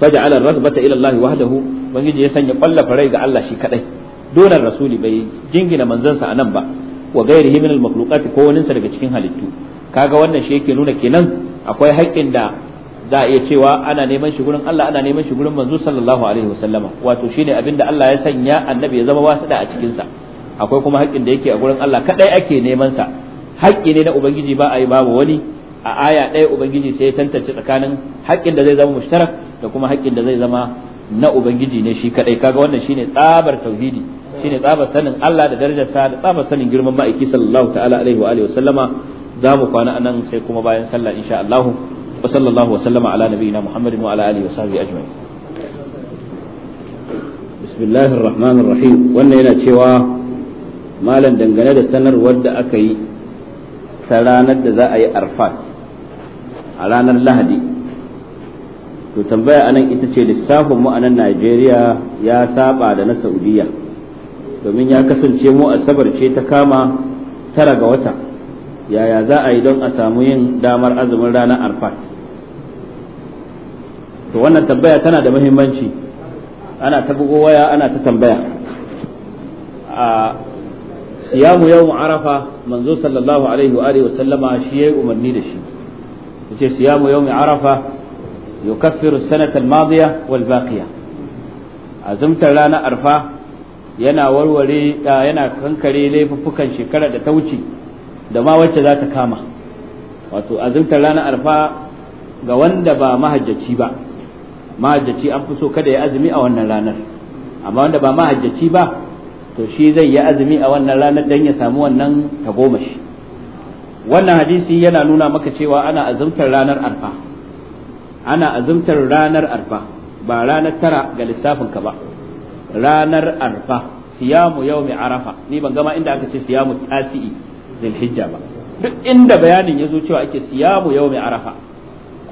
faja'ala ar-raghbata ila Allah wahdahu ubangiji ya sanya kwallafa rai ga Allah shi kadai donar rasuli bai jingina manzansa nan ba wa gairihi min al ko waninsa daga cikin halittu kaga wannan shi yake nuna kenan akwai hakkin da za a iya cewa ana neman shi gurin Allah ana neman shi gurin manzo sallallahu alaihi wasallama wato shine abinda Allah ya sanya annabi ya zama wasu da a cikin sa akwai kuma haƙƙin da yake a gurin Allah kadai ake neman sa haƙƙi ne na ubangiji ba a yi babu wani a aya ɗaya ubangiji sai ya tantance tsakanin haƙƙin da zai zama mushtarak da kuma haƙƙin da zai zama na ubangiji ne shi kadai kaga wannan shine tsabar tauhidi shine tsabar sanin Allah da darajarsa da tsabar sanin girman ma'aiki sallallahu ta'ala alaihi wa alihi wasallama za mu kwana anan sai kuma bayan sallah insha Allah wa sallallahu wa sallama ala nabiyina muhammadin ala alihi wa sahbihi ajma'in rahmanir rahim wannan yana cewa malam dangane da sanarwar da aka yi ta ranar da za a yi arfat a ranar lahadi to tambaya anan ita ce lissafin mu a nan Najeriya ya saba da na Saudiya domin ya kasance mu asabar ce ta kama tara ga wata yaya za a yi don a samu yin damar azumin ranar arfat to wannan tambaya tana da muhimmanci ana ta bugo waya ana ta tambaya a siyamu yawm arafa manzo sallallahu alaihi wa alihi wasallama shi yayi umarni da shi yace siyamu yawm arafa yukaffiru sanata al-madiya wal baqiya azumtar ranar arfa yana warware yana kankare laifukan shekara da ta wuce da ma wacce za ta kama wato azumtar rana arfa ga wanda ba mahajjaci ba mahajjaci an fi so kada ya azumi a wannan ranar amma wanda ba mahajjaci ba to shi zai yi azumi a wannan ranar dan ya samu wannan tagomashi wannan hadisi yana nuna maka cewa ana azumtar ranar arfa ana azumtar ranar arfa ba ranar tara ga lissafin ka ba ranar arfa siyamu mai arafa ni ban gama inda aka ce siyamu tasi'i zilhijja ba duk inda bayanin ya zo cewa ake siyamu mai arafa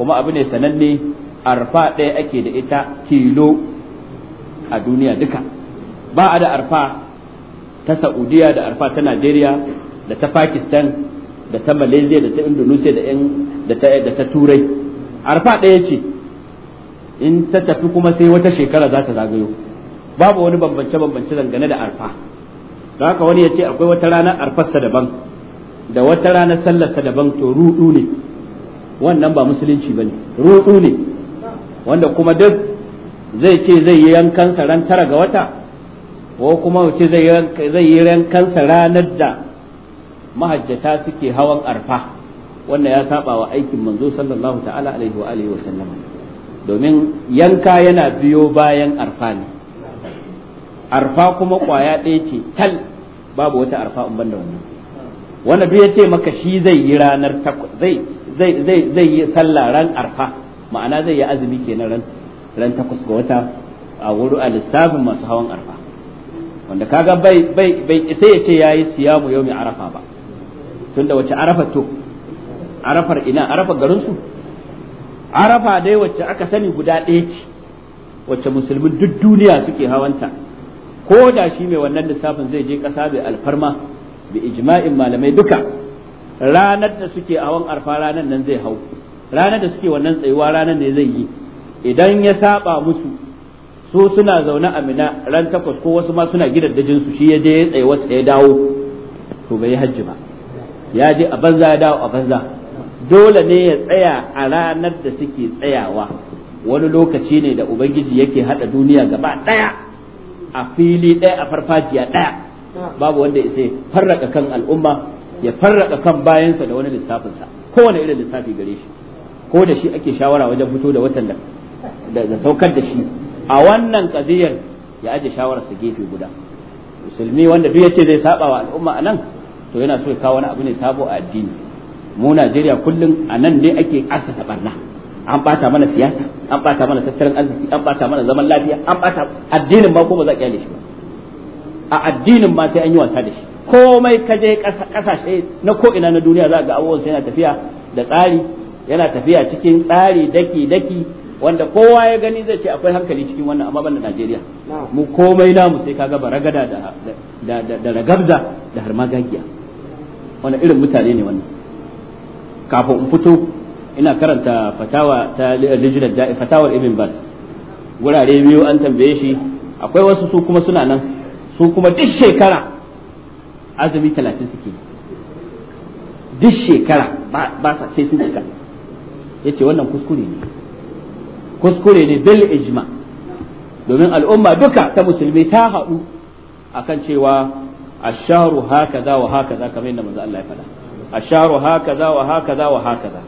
kuma abu ne sananne arfa ɗaya ake da ita kilo a duniya duka ba a da arfa ta saudiya da arfa ta najeriya da ta pakistan da ta malaysia da ta indonesia da ta turai arfa ɗaya ce in ta tafi kuma sai wata shekara za ta zagayo babu wani bambance-bambance dangane da arfa da haka wani ya ce akwai wata ranar arfarsa daban da wata ranar sallarsa daban to ruɗu ne wannan ba musulunci ba ne ruɗu ne wanda kuma duk zai ce zai yi yankan sa ran tara ga wata ko kuma ce zai yi yankan sa ranar da mahajjata suke hawan arfa wannan ya saba wa aikin manzo sallallahu ta'ala alaihi wa alihi wa sallama domin yanka yana biyo bayan arfa ne arfa kuma kwaya ɗaya ce tal babu wata arfa in banda wannan wanda duk ya ce maka shi zai yi ranar zai zai zai yi sallah ran arfa ma'ana zai yi azumi kenan ran ran takwas ga wata a wuri a lissafin masu hawan arfa wanda kaga bai bai bai isa ya ce yayi siyamu mai arafa ba tunda wace arafa to arafar ina arafa garin su arafa dai wacce aka sani guda ɗaya ce wacce musulmin duk duniya suke hawanta ko da shi mai wannan lissafin zai je ƙasa bai alfarma bi ijma'in malamai duka ranar da suke hawan arfa ranar nan zai hau ranar da suke wannan tsayuwa ranar ne zai yi idan ya saba musu su suna zaune a mina ran takwas ko wasu ma suna gidaddajin su shi ya je ya tsaye wasu ya dawo to bai hajji ba ya je a banza ya dawo a banza dole ne ya tsaya a ranar da suke tsayawa wani lokaci ne da ubangiji yake hada duniya gaba daya a fili daya a farfajiya daya babu wanda ya farraka kan al'umma ya farraka kan bayansa da wani lissafinsa kowane irin lissafi gare shi ko da shi ake shawara wajen fito da watan da saukar da shi a wannan kadiyar ya aje shawarar sa gefe guda musulmi wanda duk yace zai saba wa al'umma anan to yana so ya kawo wani abu ne sabo a addini mu Najeriya kullum anan ne ake asasa barna an bata mana siyasa an bata mana tattalin arziki an bata mana zaman lafiya an bata addinin ma ko ba za ka shi ba a addinin ma sai an yi wasa da shi komai ka je kasashe na ko ina na duniya za ga abubuwan sai yana tafiya da tsari yana tafiya cikin tsari daki daki wanda kowa ya gani zai ce akwai hankali cikin wannan amma ban Najeriya mu komai namu sai kaga baragada da da da, da ragabza da har magagiya wanda irin mutane ne wannan kafin in fito ina karanta fatawa ta lijinal da'i fatawar ibn bas gurare biyu an tambaye shi akwai wasu su kuma suna nan su kuma duk shekara azumi 30 suke duk shekara ba sa sai sun cika ya ce wannan kuskure ne kuskure ne bil ijma domin al'umma duka ta musulmi ta haɗu a akan cewa haka za wa hakaza kamar yadda manzo Allah ya faɗa haka za wa haka za wa haka za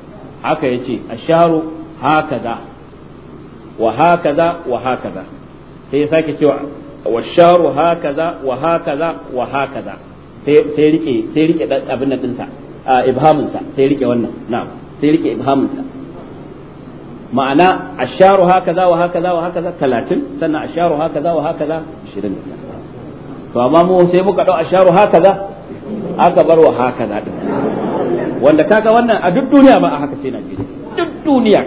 haka ya ce yace haka za wa haka za wa haka za sai ya sake cewa haka za wa haka za wa haka za sai rike abin nan dinsa ibhamin sa sai rike wannan na sai rike ibhamin sa ma'ana asharu hakaza wa hakaza wa hakaza 30 sannan asharu hakaza wa hakaza 20 to amma mu sai muka dau asharu hakaza aka bar wa hakaza din wanda kaga wannan a duk duniya ba a haka sai Najeriya duk duniya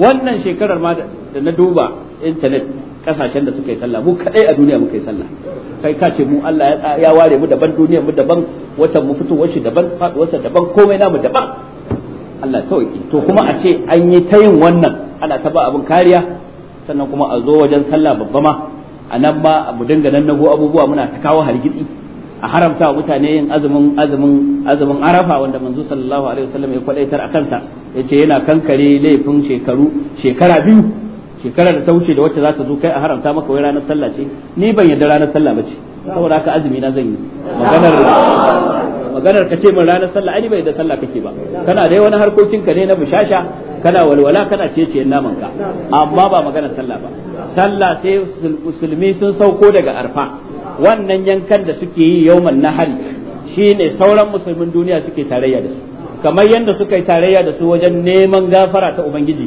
wannan shekarar ma da na duba internet kasashen da suka yi sallah mu kadai a duniya muka yi sallah kai ka ce mu Allah ya ware mu daban duniyar mu daban watan mu fitowar shi daban faduwarsa daban komai namu daban Allah sauki to kuma a ce an yi ta yin wannan ana taba ba abin kariya sannan kuma a zo wajen sallah babba ma a nan ma mu dinga nan nago abubuwa muna ta kawo hargitsi a haramta mutane yin azumin azumin azumin arafa wanda manzo sallallahu alaihi wasallam ya kwadaitar a kansa yace yana kankare laifin shekaru shekara biyu shekara da ta wuce da wacce za ta zo kai a haramta maka wai ranar sallah ce ni ban yarda ranar sallah ba ce saboda haka azumi na zan yi maganar maganar ka ce min ranar sallah ani bai da sallah kake ba kana da wani harkokin ka ne na bushasha kana walwala kana cece naman ka amma ba maganar sallah ba sallah sai musulmi sun sauko daga arfa wannan yankan da suke yi yauman nahari shine sauran musulmin duniya suke tarayya da su kamar yadda suka yi tarayya da su wajen neman gafara ta ubangiji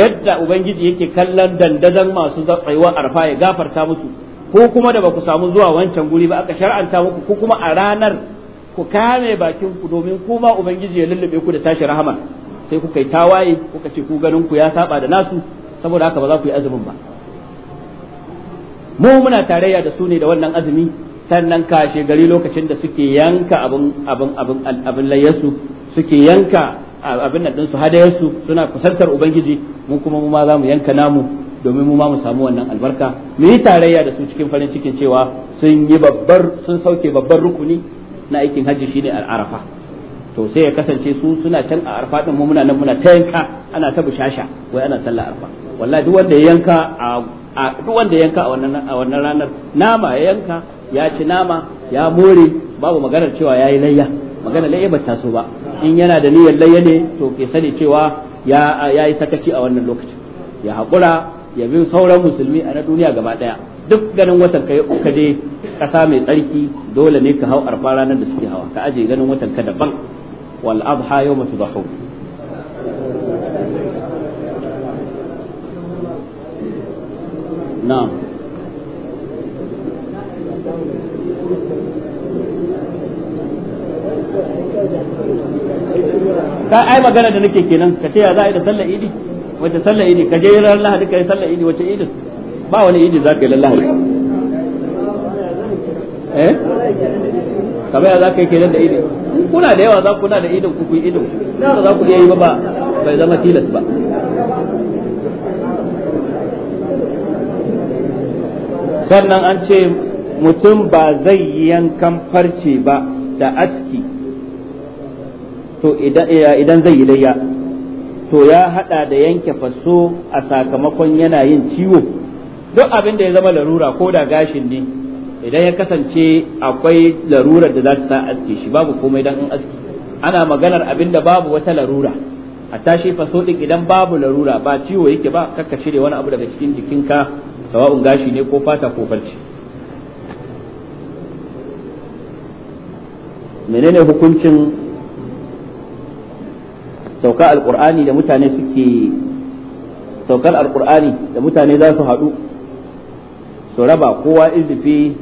yadda ubangiji yake kallon dandazon masu tsayuwar arfa ya gafarta musu ko kuma da ba ku samu zuwa wancan guri ba aka shar'anta muku ko kuma a ranar ku kame bakin ku domin kuma ubangiji ya lullube ku da tashi rahama sai kuka yi tawaye kuka ce ku ganin ku ya saba da nasu saboda haka ba za ku yi azumin ba mu muna tarayya da su ne da wannan azumi sannan kashe gari lokacin da suke yanka abin abin abin abin layyarsu suke yanka abin nan su hadayarsu suna kusantar ubangiji mu kuma mu ma za mu yanka namu domin mu ma mu samu wannan albarka mu yi tarayya da su cikin farin cikin cewa sun yi babbar sun sauke babbar rukuni na aikin hajji shine al'arafa to sai ya kasance su suna can a arfa din mu muna nan muna ta yanka ana ta bushasha wai ana sallar arfa wallahi duk wanda yanka a duk wanda yanka a wannan a wannan ranar nama ya yanka ya ci nama ya more babu maganar cewa yayi layya magana layya ba so ba in yana da niyyar layya ne to ke sani cewa ya yi sakaci a wannan lokacin ya haƙura ya bin sauran musulmi a na duniya gaba daya duk ganin watan ka ka je kasa mai tsarki dole ne ka hau arfa ranar da suke hawa ka aje ganin watan ka daban wal adha yawma tudhahu na'am ka ai magana da nake kenan ka ce ya za a yi da sallar idi wace sallar idi ka je ran lahadi kai sallar idi wace idi ba wani idi za ka yi lallahi eh kamar ya za ka yi kenan da idi kuna da yawa za ku na da idin ku kuyi idin ba za ku iya yi ba bai zama tilas ba sannan an ce mutum ba zai yi yankan farce ba da aski to idan eh, zai yi layya to ya hada da yanke faso a sakamakon yana yin ciwo duk abin da ya zama larura ko da gashin ne idan ya kasance akwai larurar da za ta sa aske shi babu komai dan in aski ana maganar abin da babu wata larura a tashi faso din idan babu larura ba ciwo yake ba kakka cire wani abu daga cikin jikinka sawa'un gashi ne ko fata ko farce menene hukuncin sauka alqur'ani da mutane suke saukar alkur'ani da mutane za su haɗu su raba kowa izifi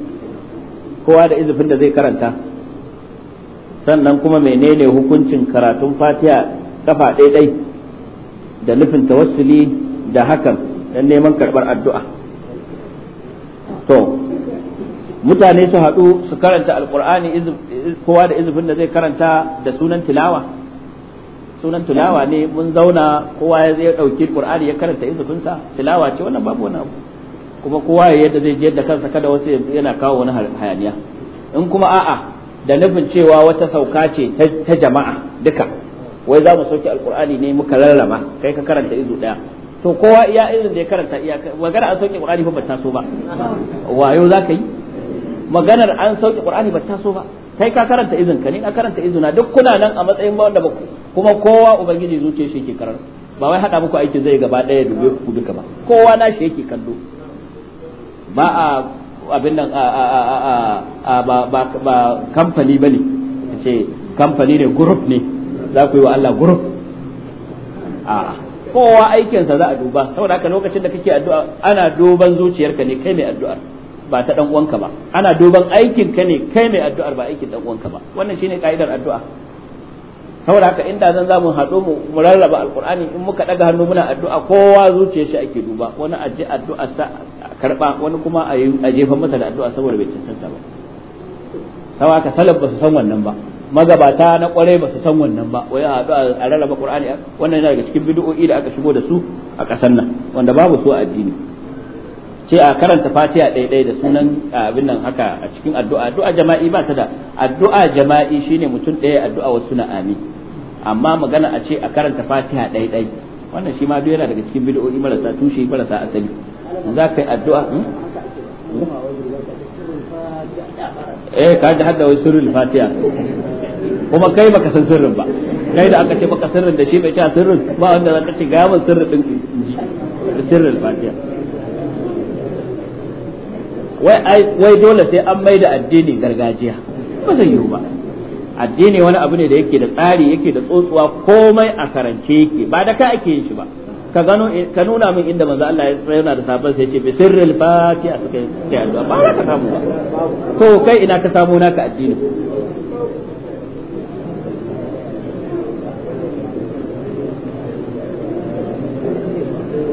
kowa da izifin da zai karanta sannan kuma menene hukuncin karatun fatiha kafa ɗaiɗai da nufin tawassuli da hakan don neman karɓar addu'a to mutane su haɗu su karanta alƙur'ani kowa da izifin da zai karanta da sunan tilawa sunan tilawa ne mun zauna kowa ya zai dauki qur'ani ya karanta sa tilawa ce wannan babu wani abu kuma kowa ya yadda zai jiyar da kansa kada wasu yana kawo wani hayaniya in kuma a'a da nufin cewa wata sauka ce ta jama'a duka wai za mu sauke alqur'ani ne muka rarraba kai ka karanta izu daya to kowa iya irin da ya karanta iya magana an soki qur'ani ba ta so ba wayo ka yi maganar an soki qur'ani ba ta so ba kai ka karanta izin ka ne na karanta izuna duk kuna nan a matsayin wanda ba kuma kowa ubangiji zuciya shi yake karar ba wai hada muku aikin zai gaba daya dube ku duka ba kowa na shi yake kallo ba a abin nan a a a a ba ba ba kamfani bane ce kamfani ne group ne za ku yi wa Allah group a kowa aikinsa za a duba saboda haka lokacin da kake addu'a ana duban zuciyarka ne kai mai addu'ar ba ta dan uwanka ba ana duban aikin ka ne kai mai addu'ar ba aikin dan uwanka ba wannan shine kaidar addu'a saboda haka inda zan za mu haɗu mu mu rarraba alƙur'ani in muka daga hannu muna addu'a kowa zuciya shi ake duba wani a je addu'a sa a karɓa wani kuma a jefa masa da addu'a saboda bai cancanta ba sawa haka salaf ba su san wannan ba magabata na ƙwarai ba su san wannan ba wai a haɗu a rarraba qur'ani wannan yana daga cikin bid'o'i da aka shigo da su a ƙasar nan wanda babu su a addini ce a karanta fatiha ɗaiɗai da sunan abin nan haka a cikin addu'a addu'a jama'i ba ta da addu'a jama'i shine mutum ɗaya addu'a wasu na amin amma magana a ce a karanta fatiha ɗaiɗai wannan shi ma duk yana daga cikin bid'o'i marasa tushe marasa asali za ka yi addu'a hmm? eh ka ji hadda wai sirrin fatiha kuma kai baka san sirrin ba kai da aka ce baka sirrin da shi bai ce sirrin ba wanda zaka ce ga yawan sirrin din sirrin fatiha wai dole sai an mai da addini gargajiya ba zai yiwu ba addini wani abu ne da yake da tsari yake da tsotsuwa komai a karance yake ba da ka ake yin shi ba ka gano ka nuna min inda manzo Allah ya tsayana da sabon sai ce bi sirril fatiha suka yi addu'a ba za ka samu ba ko kai ina ka samu naka addini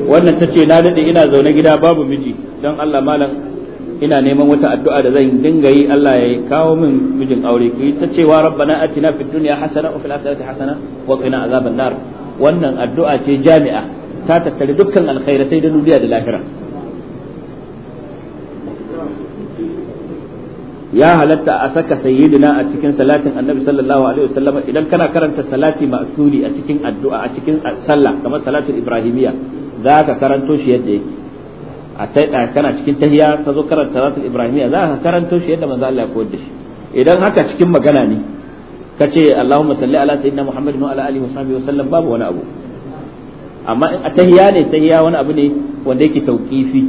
wannan tace na dade ina zaune gida babu miji dan Allah malam ina neman wata addu'a da zan dinga yi Allah ya kawo min mijin aure ki ta cewa rabbana atina fid dunya hasana wa fil akhirati hasana wa qina azaban nar wannan addu'a ce jami'a ta tattare dukkan alkhairatai da duniya da lahira ya halatta a saka sayyidina a cikin salatin annabi sallallahu alaihi wasallam idan kana karanta salati ma'suri a cikin addu'a a cikin sallah kamar salatul ibrahimiyya zaka karanto shi yadda yake a kana cikin tahiya ka zo karanta ratul ibrahimiya za ka karanto shi yadda manzo Allah ya koyar da shi idan haka cikin magana ne ka ce Allahumma salli ala sayyidina Muhammadin wa ala alihi wa sahbihi wa sallam babu wani abu amma a tahiya ne tahiya wani abu ne wanda yake tauqifi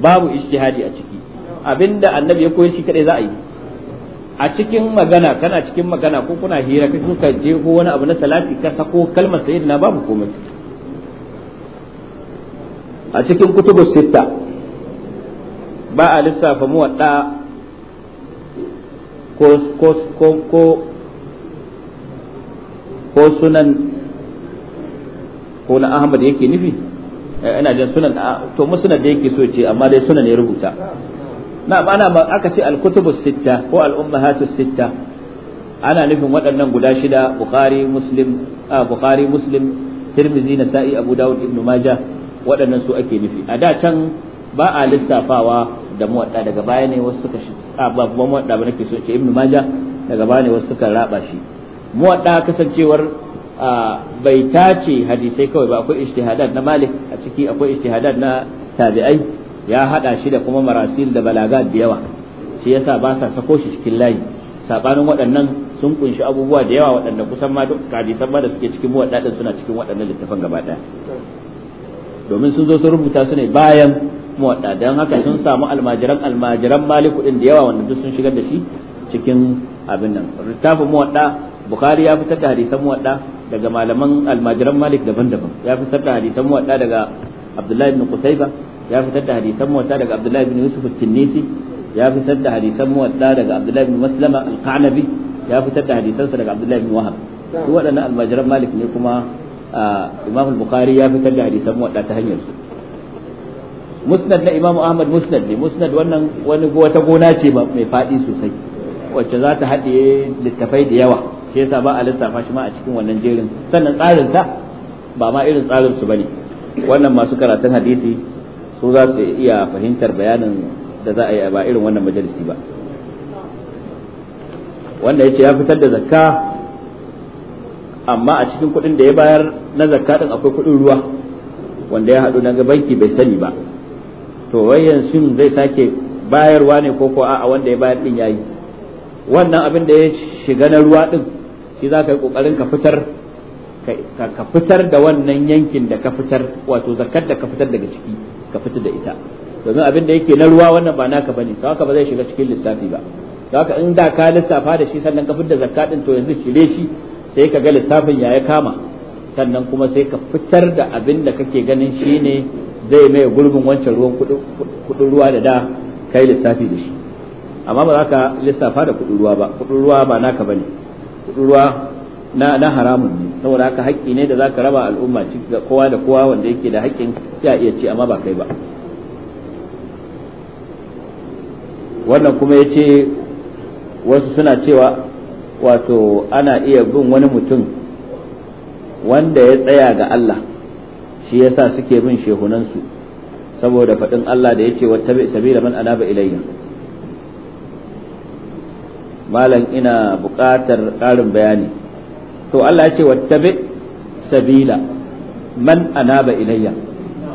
babu ijtihadi a ciki abinda annabi ya koyar shi kadai za a yi a cikin magana kana cikin magana ko kuna hira kai kuka je ko wani abu na salati ka sako kalmar sayyidina babu komai a cikin kutubus sitta ba a lissafa muwadda ko ko ko ko sunan ko na Ahmad yake nufi eh, ina jin sunan to mu sunan da yake so ce amma dai sunan ya rubuta na ana aka ce al-kutubus sitta ko al-ummahatus sitta ana nufin waɗannan guda shida bukhari muslim a bukhari muslim tirmizi nasa'i abu dawud ibnu majah waɗannan su ake nufi a da can ba a lissafawa da muwadda daga baya ne wasu suka shi ba muwadda ba nake so ce ibnu maja daga baya ne wasu suka raba shi muwadda kasancewar bai tace hadisai kawai ba akwai ijtihadat na malik a ciki akwai ijtihadat na tabi'ai ya hada shi da kuma marasil da balaga da yawa shi yasa ba sa sako shi cikin layi sabanin waɗannan sun kunshi abubuwa da yawa waɗanda kusan ma duk hadisan ma da suke cikin muwadda suna cikin waɗannan littafan gaba ɗaya domin sun zo sun rubuta su ne bayan muwadda don haka sun samu almajiran almajiran maliku din da yawa wanda duk sun shigar da shi cikin abin nan littafin muwadda bukhari ya fitar da hadisan muwadda daga malaman almajiran malik daban-daban ya fitar da hadisan muwadda daga abdullahi ibn qutayba ya fitar da hadisan muwadda daga abdullahi ibn yusuf at-tinnisi ya fitar da hadisan muwadda daga abdullahi ibn maslama al-qanabi ya fitar da sa daga abdullahi ibn wahab duk waɗannan almajiran malik ne kuma imam al-bukhari ya fitar da hadisan muwadda ta hanyar su musnad na imam ahmad musnad ne musnad wannan wani wata gona ce mai faɗi sosai wacce za ta haɗe littafai da yawa shi yasa ba a lissafa shi ma a cikin wannan jerin sannan tsarin sa ba ma irin tsarin su bane wannan masu karatun hadisi su za su iya fahimtar bayanin da za a yi ba irin wannan majalisi ba wanda yace ya fitar da zakka amma a cikin kuɗin da ya bayar na zakatun akwai kuɗin ruwa wanda ya haɗu daga banki bai sani ba to wayan sun zai sake bayarwa ne ko ko a wanda ya bayar din yayi wannan abin da ya shiga na ruwa din shi za ka yi kokarin ka fitar ka fitar da wannan yankin da ka fitar wato zakat da ka fitar daga ciki ka fitar da ita domin abin da yake na ruwa wannan ba naka bane haka ba zai shiga cikin lissafi ba haka in da ka lissafa da shi sannan ka fitar da zakka din to yanzu cire shi sai ka ga lissafin ya ya kama sannan kuma sai ka fitar da abin da kake ganin shine zai mai gurbin wancan ruwan kudin ruwa da da kai lissafi da shi amma ba za ka lissafa da kudin ruwa ba kudin ruwa ba naka bane kudin ruwa na haramun ne saboda haka haƙƙi ne da za ka raba al'umma ga kowa da kowa wanda yake da haƙƙin ya iya ci amma ba kai ba wannan kuma ya ce wasu suna cewa wato ana iya bin wani mutum wanda ya tsaya ga Allah shi yasa suke bin shehunansu saboda faɗin Allah da ya ce wata sabila man anaba ilayya malam ina buƙatar ƙarin bayani to Allah ya ce wata sabila man anaba ilayya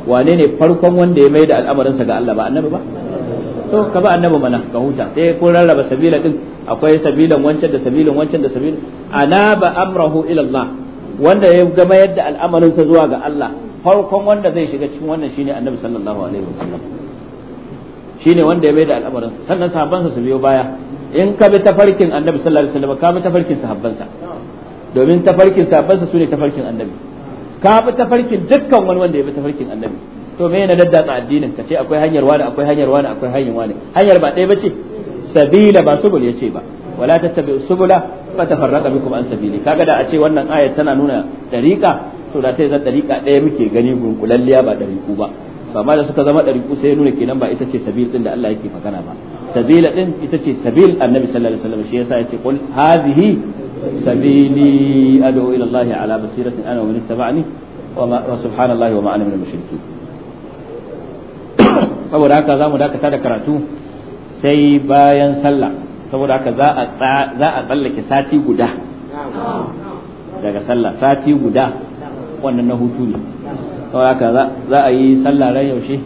wane ne farkon wanda ya mai da al'amarinsa ga Allah ba annabi ba to ka ba annabi mana ka huta sai ko rarraba sabila din akwai sabilan wancan da sabilan wancan da sabil ana ba amrahu ila Allah wanda ya gama yadda al'amarin sa zuwa ga Allah farkon wanda zai shiga cikin wannan shine annabi sallallahu alaihi wasallam shine wanda ya da al'amarin sa sannan sa su biyo baya in ka bi tafarkin annabi sallallahu alaihi wasallam ka bi tafarkin sa domin tafarkin sa sune tafarkin annabi ka bi tafarkin dukkan wani wanda ya bi tafarkin annabi to me na daddatsa addinin ka ce akwai hanyar wani akwai hanyar wani akwai hanyar wani hanyar ba ɗaya bace sabila ba subul yace ba wala tattabi'u subula fatafarraqa bikum an sabili kaga da a ce wannan ayat tana nuna dariqa to da sai zan dariqa ɗaya muke gani gunkulalliya ba dariku ba amma da suka zama dariku sai nuna kenan ba ita ce sabil din da Allah yake magana ba sabila din ita ce sabil annabi sallallahu alaihi wasallam shi yasa yace qul hadhihi sabili ad'u ila Allah ala basiratin ana wa man ittaba'ani wa subhanallahi wa ma ana minal mushrikin saboda haka za mu dakata da karatu sai bayan sallah saboda haka za a tsallake sati guda daga sallah sati guda wannan na hutu ne saboda haka za a yi sallah ran yaushe